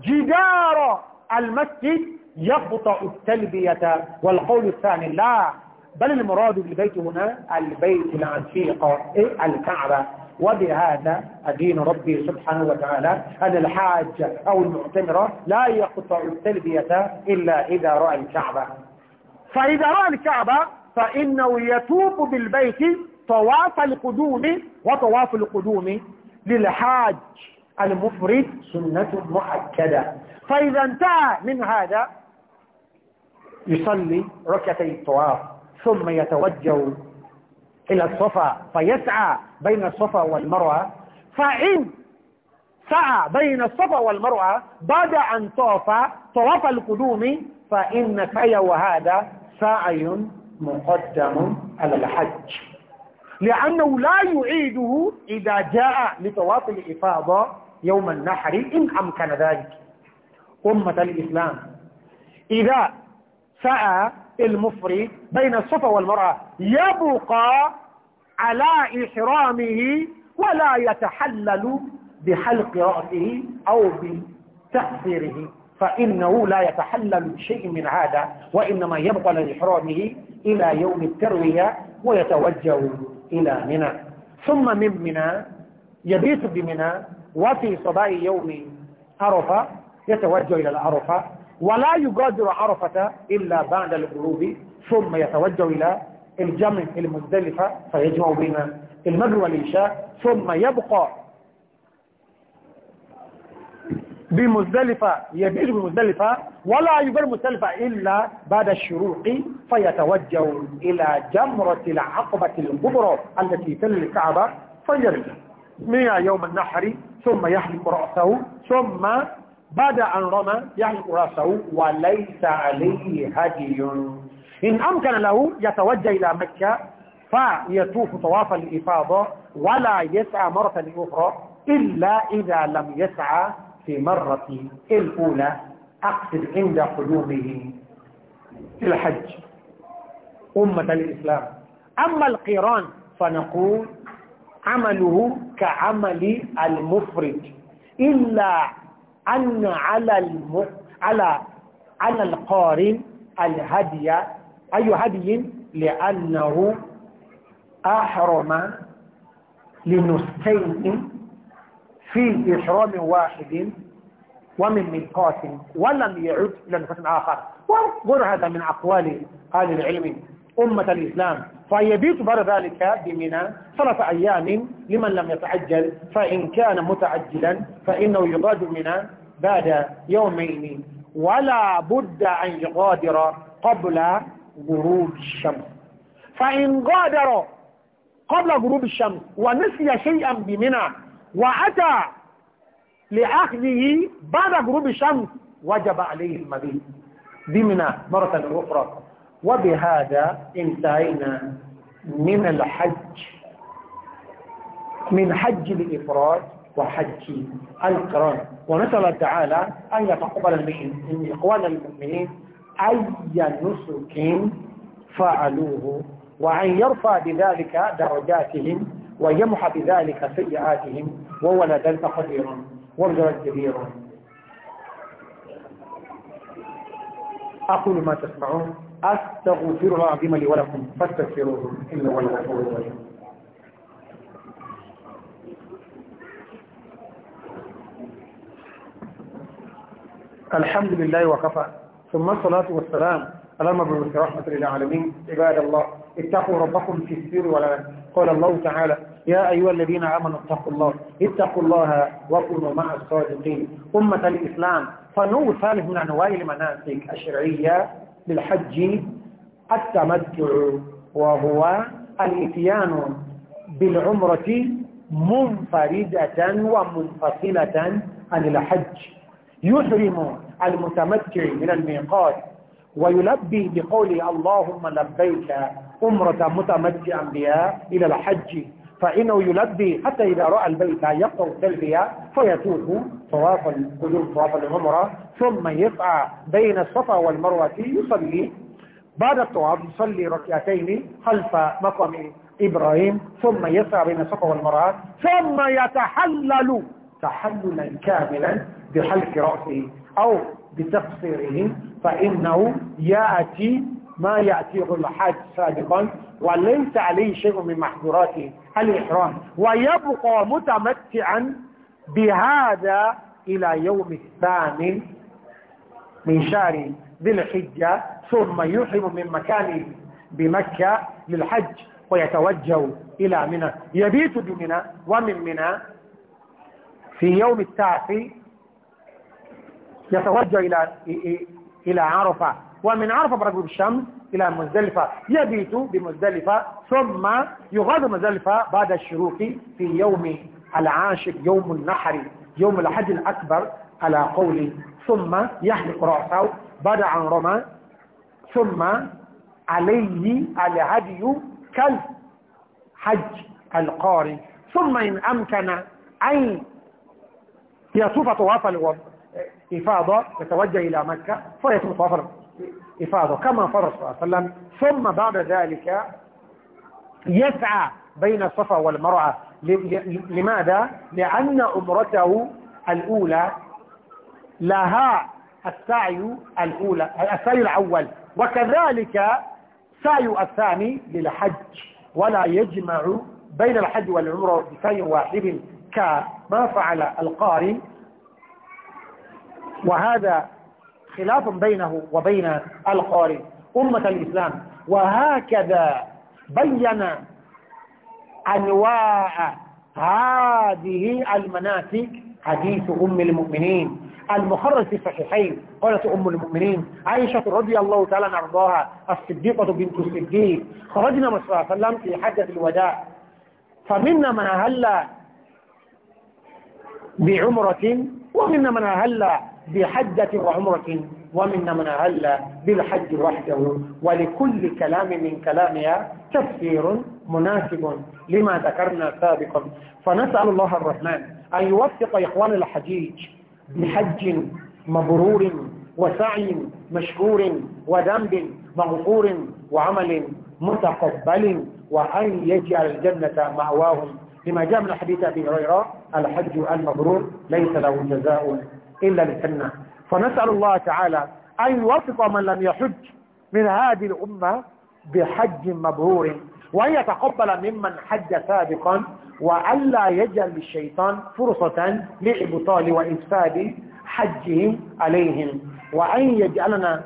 [SPEAKER 1] جدار المسجد يقطع التلبية والقول الثاني لا بل المراد بالبيت هنا البيت العتيق إيه؟ الكعبة وبهذا أدين ربي سبحانه وتعالى أن الحاج أو المعتمرة لا يقطع التلبية إلا إذا رأى الكعبة فإذا رأى الكعبة فإنه يتوب بالبيت طواف القدوم وطواف القدوم للحاج المفرد سنة مؤكدة فإذا انتهى من هذا يصلي ركعتي الطواف ثم يتوجه إلى الصفا فيسعى بين الصفا والمروة فإن سعى بين الصفا والمروة بعد أن طاف طواف القدوم فإن سعي وهذا سعي مقدم على الحج لأنه لا يعيده إذا جاء لطواف الإفاضة يوم النحر إن أمكن ذلك أمة الإسلام إذا سعى المفري بين الصفة والمرأة يبقى على إحرامه ولا يتحلل بحلق رأسه أو بتأثيره فإنه لا يتحلل بشيء من هذا وإنما يبقى لإحرامه إلى يوم التروية ويتوجه إلى منى ثم من منى يبيت بمنى وفي صباح يوم عرفة يتوجه إلى العرفة ولا يغادر عرفة إلا بعد الغروب ثم يتوجه إلى الجمع المزدلفة فيجمع بين المغرب والعشاء ثم يبقى بمزدلفة يبيج بمزدلفة ولا يبيت بمزدلفة إلا بعد الشروق فيتوجه إلى جمرة العقبة الكبرى التي تل الكعبة فيرجع مئة يوم النحر ثم يحلق رأسه ثم بعد أن رمى يحلق رأسه وليس عليه هدي إن أمكن له يتوجه إلى مكة فيطوف طواف الإفاضة ولا يسعى مرة أخرى إلا إذا لم يسعى في مرة الأولى أقصد عند قدومه في الحج أمة الإسلام أما القيران فنقول عمله كعمل المفرج إلا أن على الم... على على القارن الهدي أي هدي لأنه أحرم لنسكين في إحرام واحد ومن ميقات ولم يعد إلى نفس آخر وغير هذا من أقوال أهل العلم أمة الإسلام فيبيت بعد ذلك بمنى ثلاث أيام لمن لم يتعجل فإن كان متعجلا فإنه يغادر منى بعد يومين ولا بد أن يغادر قبل غروب الشمس فإن غادر قبل غروب الشمس ونسي شيئا بمنى وأتى لأخذه بعد غروب الشمس وجب عليه المبيت بمنى مرة أخرى وبهذا انتهينا من الحج من حج الإفراد وحج القران ونسأل تعالى أن يتقبل من اخواننا المؤمنين أي نسك فعلوه وأن يرفع بذلك درجاتهم ويمحى بذلك سيئاتهم وهو لذلك قدير ومجرد كبير أقول ما تسمعون أستغفر الله العظيم لي ولكم فاستغفروه إنه هو الغفور الرحيم الحمد لله وكفى ثم الصلاة والسلام على المبعوث رحمة للعالمين عباد الله اتقوا ربكم في السر ولا قال الله تعالى يا أيها الذين آمنوا اتقوا الله اتقوا الله وكونوا مع الصادقين أمة الإسلام فنور ثالث من أنواع المناسك الشرعية للحج التمتع وهو الاتيان بالعمرة منفردة ومنفصلة عن الحج يحرم المتمتع من الميقات ويلبي بقول اللهم لبيك أمرة متمتعا بها إلى الحج فإنه يلبي حتى إذا رأى البيت يقرأ التلبية فيتوب طواف القدوم طواف العمرة ثم يقع بين الصفا والمروة يصلي بعد الطواف يصلي ركعتين خلف مقام إبراهيم ثم يسعى بين الصفا والمروة ثم يتحلل تحللا كاملا بحلق رأسه أو بتقصيره فإنه يأتي ما يأتيه الحاج سابقا وليس عليه شيء من محظوراته الإحرام ويبقى متمتعا بهذا إلى يوم الثامن من شهر ذي الحجة ثم يحرم من مكانه بمكة للحج ويتوجه إلى منى يبيت بمنى ومن منى في يوم التاسع يتوجه إلى إلى عرفة ومن عرفة برجل الشمس إلى مزدلفة يبيت بمزدلفة ثم يغادر مزدلفة بعد الشروق في يوم العاشر يوم النحر يوم الحج الأكبر على قوله ثم يحلق رأسه بعد عن رمى ثم عليه الهدي كالحج القاري ثم إن أمكن أن يطوف طواف الإفاضة يتوجه إلى مكة فيطوف طواف الإفاضة كما فرض صلى الله عليه وسلم ثم بعد ذلك يسعى بين الصفا والمرأة لماذا؟ لأن أمرته الأولى لها السعي الأولى السعي الأول وكذلك سعي الثاني للحج ولا يجمع بين الحج والعمرة بسعي واحد كما فعل القارن وهذا خلاف بينه وبين القارن أمة الإسلام وهكذا بين أنواع هذه المناسك حديث أم المؤمنين المخرج في الصحيحين قالت أم المؤمنين عائشة رضي الله تعالى عنها الصديقة بنت الصديق خرجنا مع صلى الله عليه في حجة الوداع فمنا من أهل بعمرة ومنا من أهل بحجة وعمرة ومنا من أهل بالحج وحده ولكل كلام من كلامها تفسير مناسب لما ذكرنا سابقا فنسأل الله الرحمن أن يوفق إخوان الحجيج بحج مبرور وسعي مشكور وذنب مغفور وعمل متقبل وأن يجعل الجنة مأواهم لما جاء من حديث أبي هريرة الحج المبرور ليس له جزاء إلا الجنة فنسأل الله تعالى أن يوفق من لم يحج من هذه الأمة بحج مبرور وهي تقبل ممن حج سابقا وألا يجعل الشيطان فرصة لإبطال وإفساد حجهم عليهم وأن يجعلنا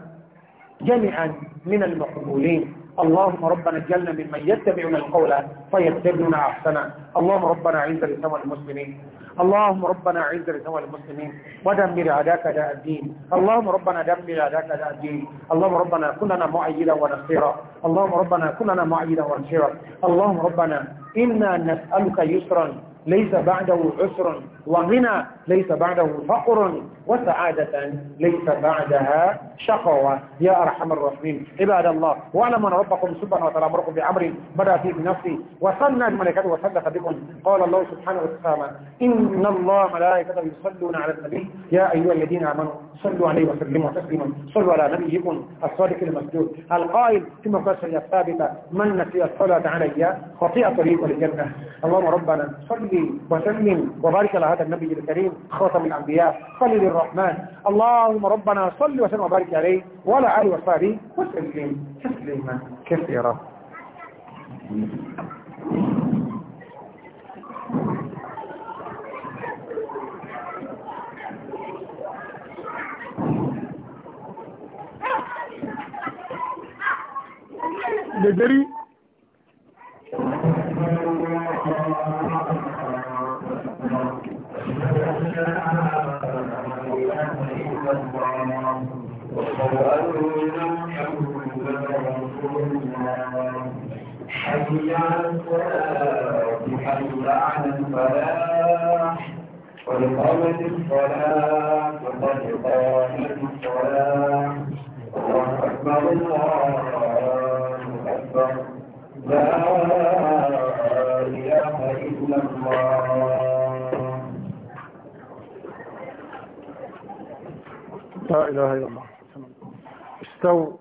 [SPEAKER 1] جميعا من المقبولين اللهم ربنا اجعلنا ممن يتبعنا القول فيتبعنا أحسنا اللهم ربنا اعز الاسلام والمسلمين اللهم ربنا اعز لسوى المسلمين ودمر عداك اعداء الدين اللهم ربنا دمر عداك اعداء الدين اللهم ربنا كن معيدا ونصيرا اللهم ربنا كن معيدا ونصيرا اللهم ربنا إنا نسألك يسرا ليس بعده عسر وغنى ليس بعده فقر وسعادة ليس بعدها شقوة يا أرحم الراحمين عباد الله واعلموا أن ربكم سبحانه وتعالى أمركم بأمر بدأ فيه بنفسي وصلنا الملائكة وصدق بكم قال الله سبحانه وتعالى إن الله ملائكته يصلون على النبي يا أيها الذين آمنوا صلوا عليه وسلموا تسليما صلوا على نبيكم الصادق المسجود القائل في مفاسر الثابتة من نسي الصلاة علي خطيئة طريق الجنة اللهم ربنا صلي وسلم وبارك على هذا النبي الكريم خاتم الأنبياء صلي للرحمن اللهم ربنا صل وسلم وبارك عليه وعلى آله وصحبه وسلم تسليما كثيرا
[SPEAKER 2] Degeri حي على الصلاة حي على الفلاح قد قامت الصلاة وقد قامت الصلاة الله أكبر الله أكبر لا إله إلا الله
[SPEAKER 1] لا إله إلا الله استو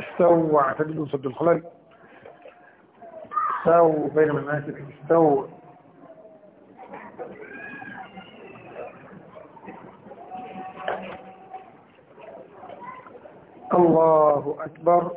[SPEAKER 1] استو واعتدلوا سد الخلل استو بين مناسك استووا الله أكبر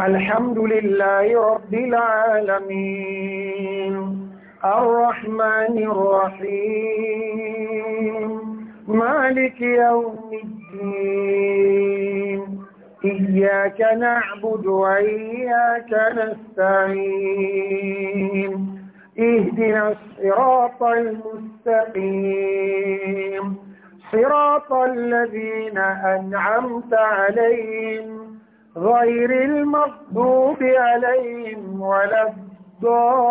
[SPEAKER 1] الحمد لله رب العالمين الرحمن الرحيم مالك يوم الدين إياك نعبد وإياك نستعين اهدنا الصراط المستقيم صراط الذين أنعمت عليهم غير المغضوب عليهم ولا الضالين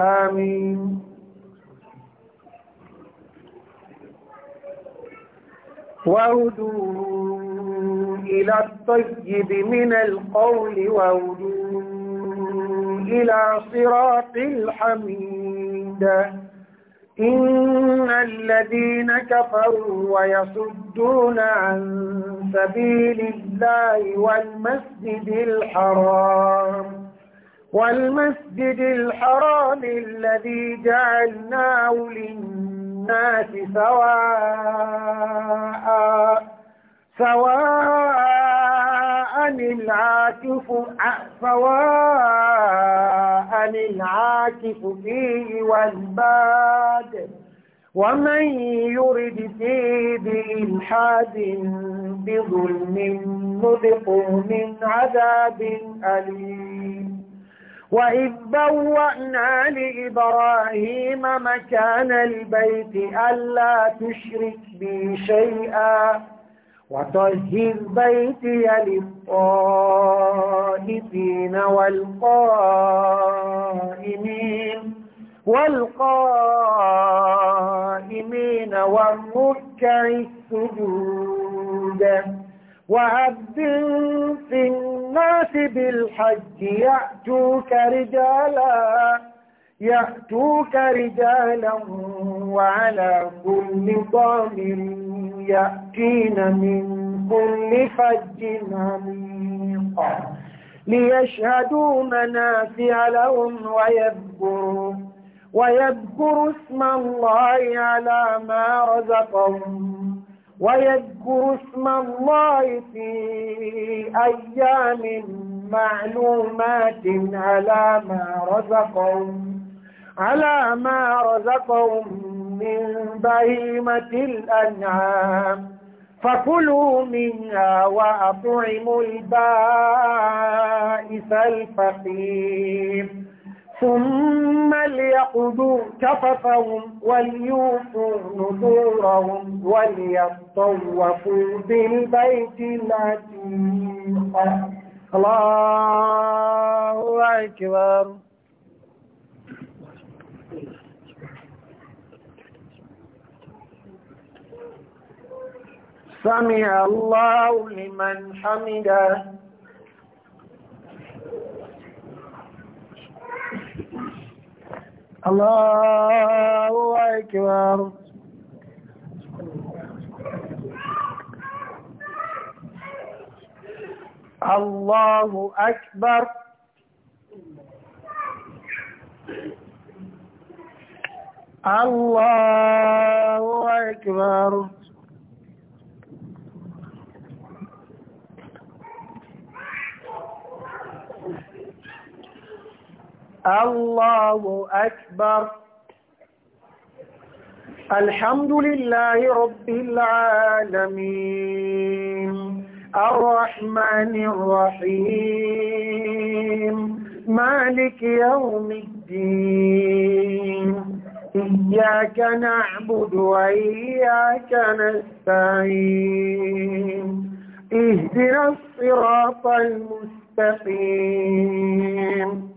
[SPEAKER 1] آمين وهدوا إلى الطيب من القول وهدوا إلى صراط الحميد إن الذين كفروا ويصدون عن سبيل الله والمسجد الحرام والمسجد الحرام الذي جعلناه للناس سواء سواء العاكف سواء العاكف فيه والباد ومن يرد فيه بإلحاد بظلم نذقه من عذاب أليم وإذ بوأنا لإبراهيم مكان البيت ألا تشرك بي شيئا وطهر بيتي للطائفين والقائمين والقائمين والركع السجود وعبد في الناس بالحج يأتوك رجالاً يأتوك رجالا وعلى كل ضامر يأتين من كل فج عميق ليشهدوا منافع لهم ويذكروا ويذكروا اسم الله على ما رزقهم ويذكروا اسم الله في أيام معلومات على ما رزقهم على ما رزقهم من بهيمة الأنعام فكلوا منها وأطعموا البائس الفقير ثم ليقضوا كففهم وليوفوا نذورهم وليطوفوا بالبيت العتيق الله أكبر سمع الله لمن حمده الله أكبر الله أكبر الله أكبر الله أكبر الحمد لله رب العالمين الرحمن الرحيم مالك يوم الدين إياك نعبد وإياك نستعين اهدنا الصراط المستقيم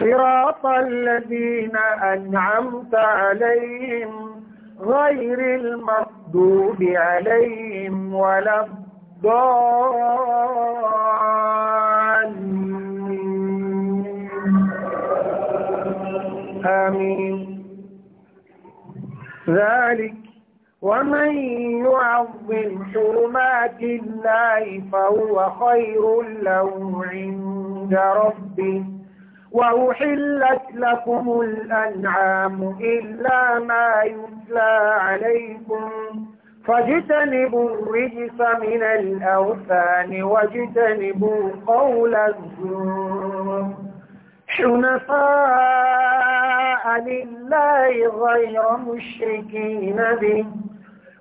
[SPEAKER 1] صراط الذين أنعمت عليهم غير المغضوب عليهم ولا الضالين آمين ذلك ومن يعظم حرمات الله فهو خير له عند ربه وأحلت لكم الأنعام إلا ما يتلى عليكم فاجتنبوا الرجس من الأوثان واجتنبوا قول الزور حنفاء لله غير مشركين به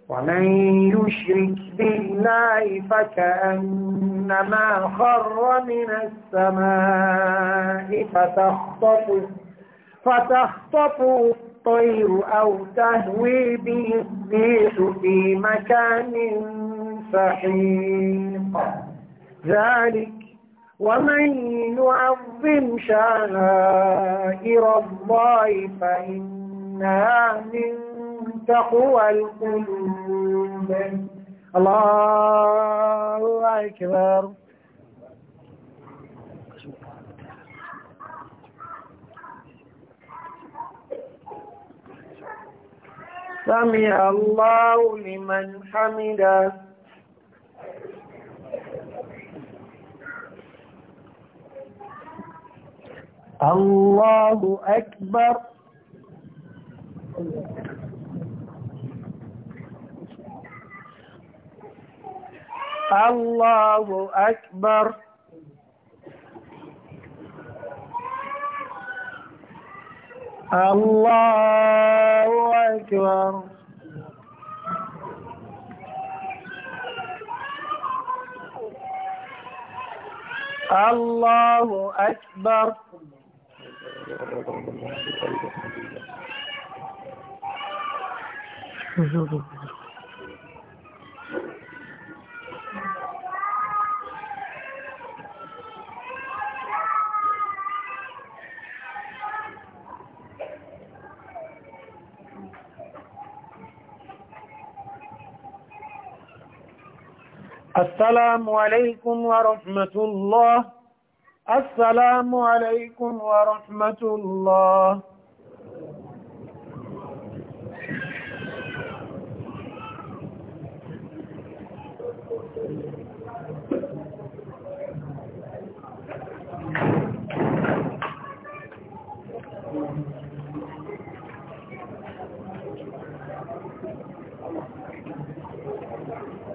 [SPEAKER 1] ومن يشرك بالله فكأنما خر من السماء فتخطفه فتخطفه الطير أو تهوي به الريح في مكان سحيق ذلك ومن يعظم شعائر الله فإنها من تقوى القلوب الله أكبر
[SPEAKER 2] سمع
[SPEAKER 1] الله لمن حمده الله أكبر الله أكبر الله أكبر الله أكبر Thank you. السلام عليكم ورحمة الله السلام عليكم ورحمة الله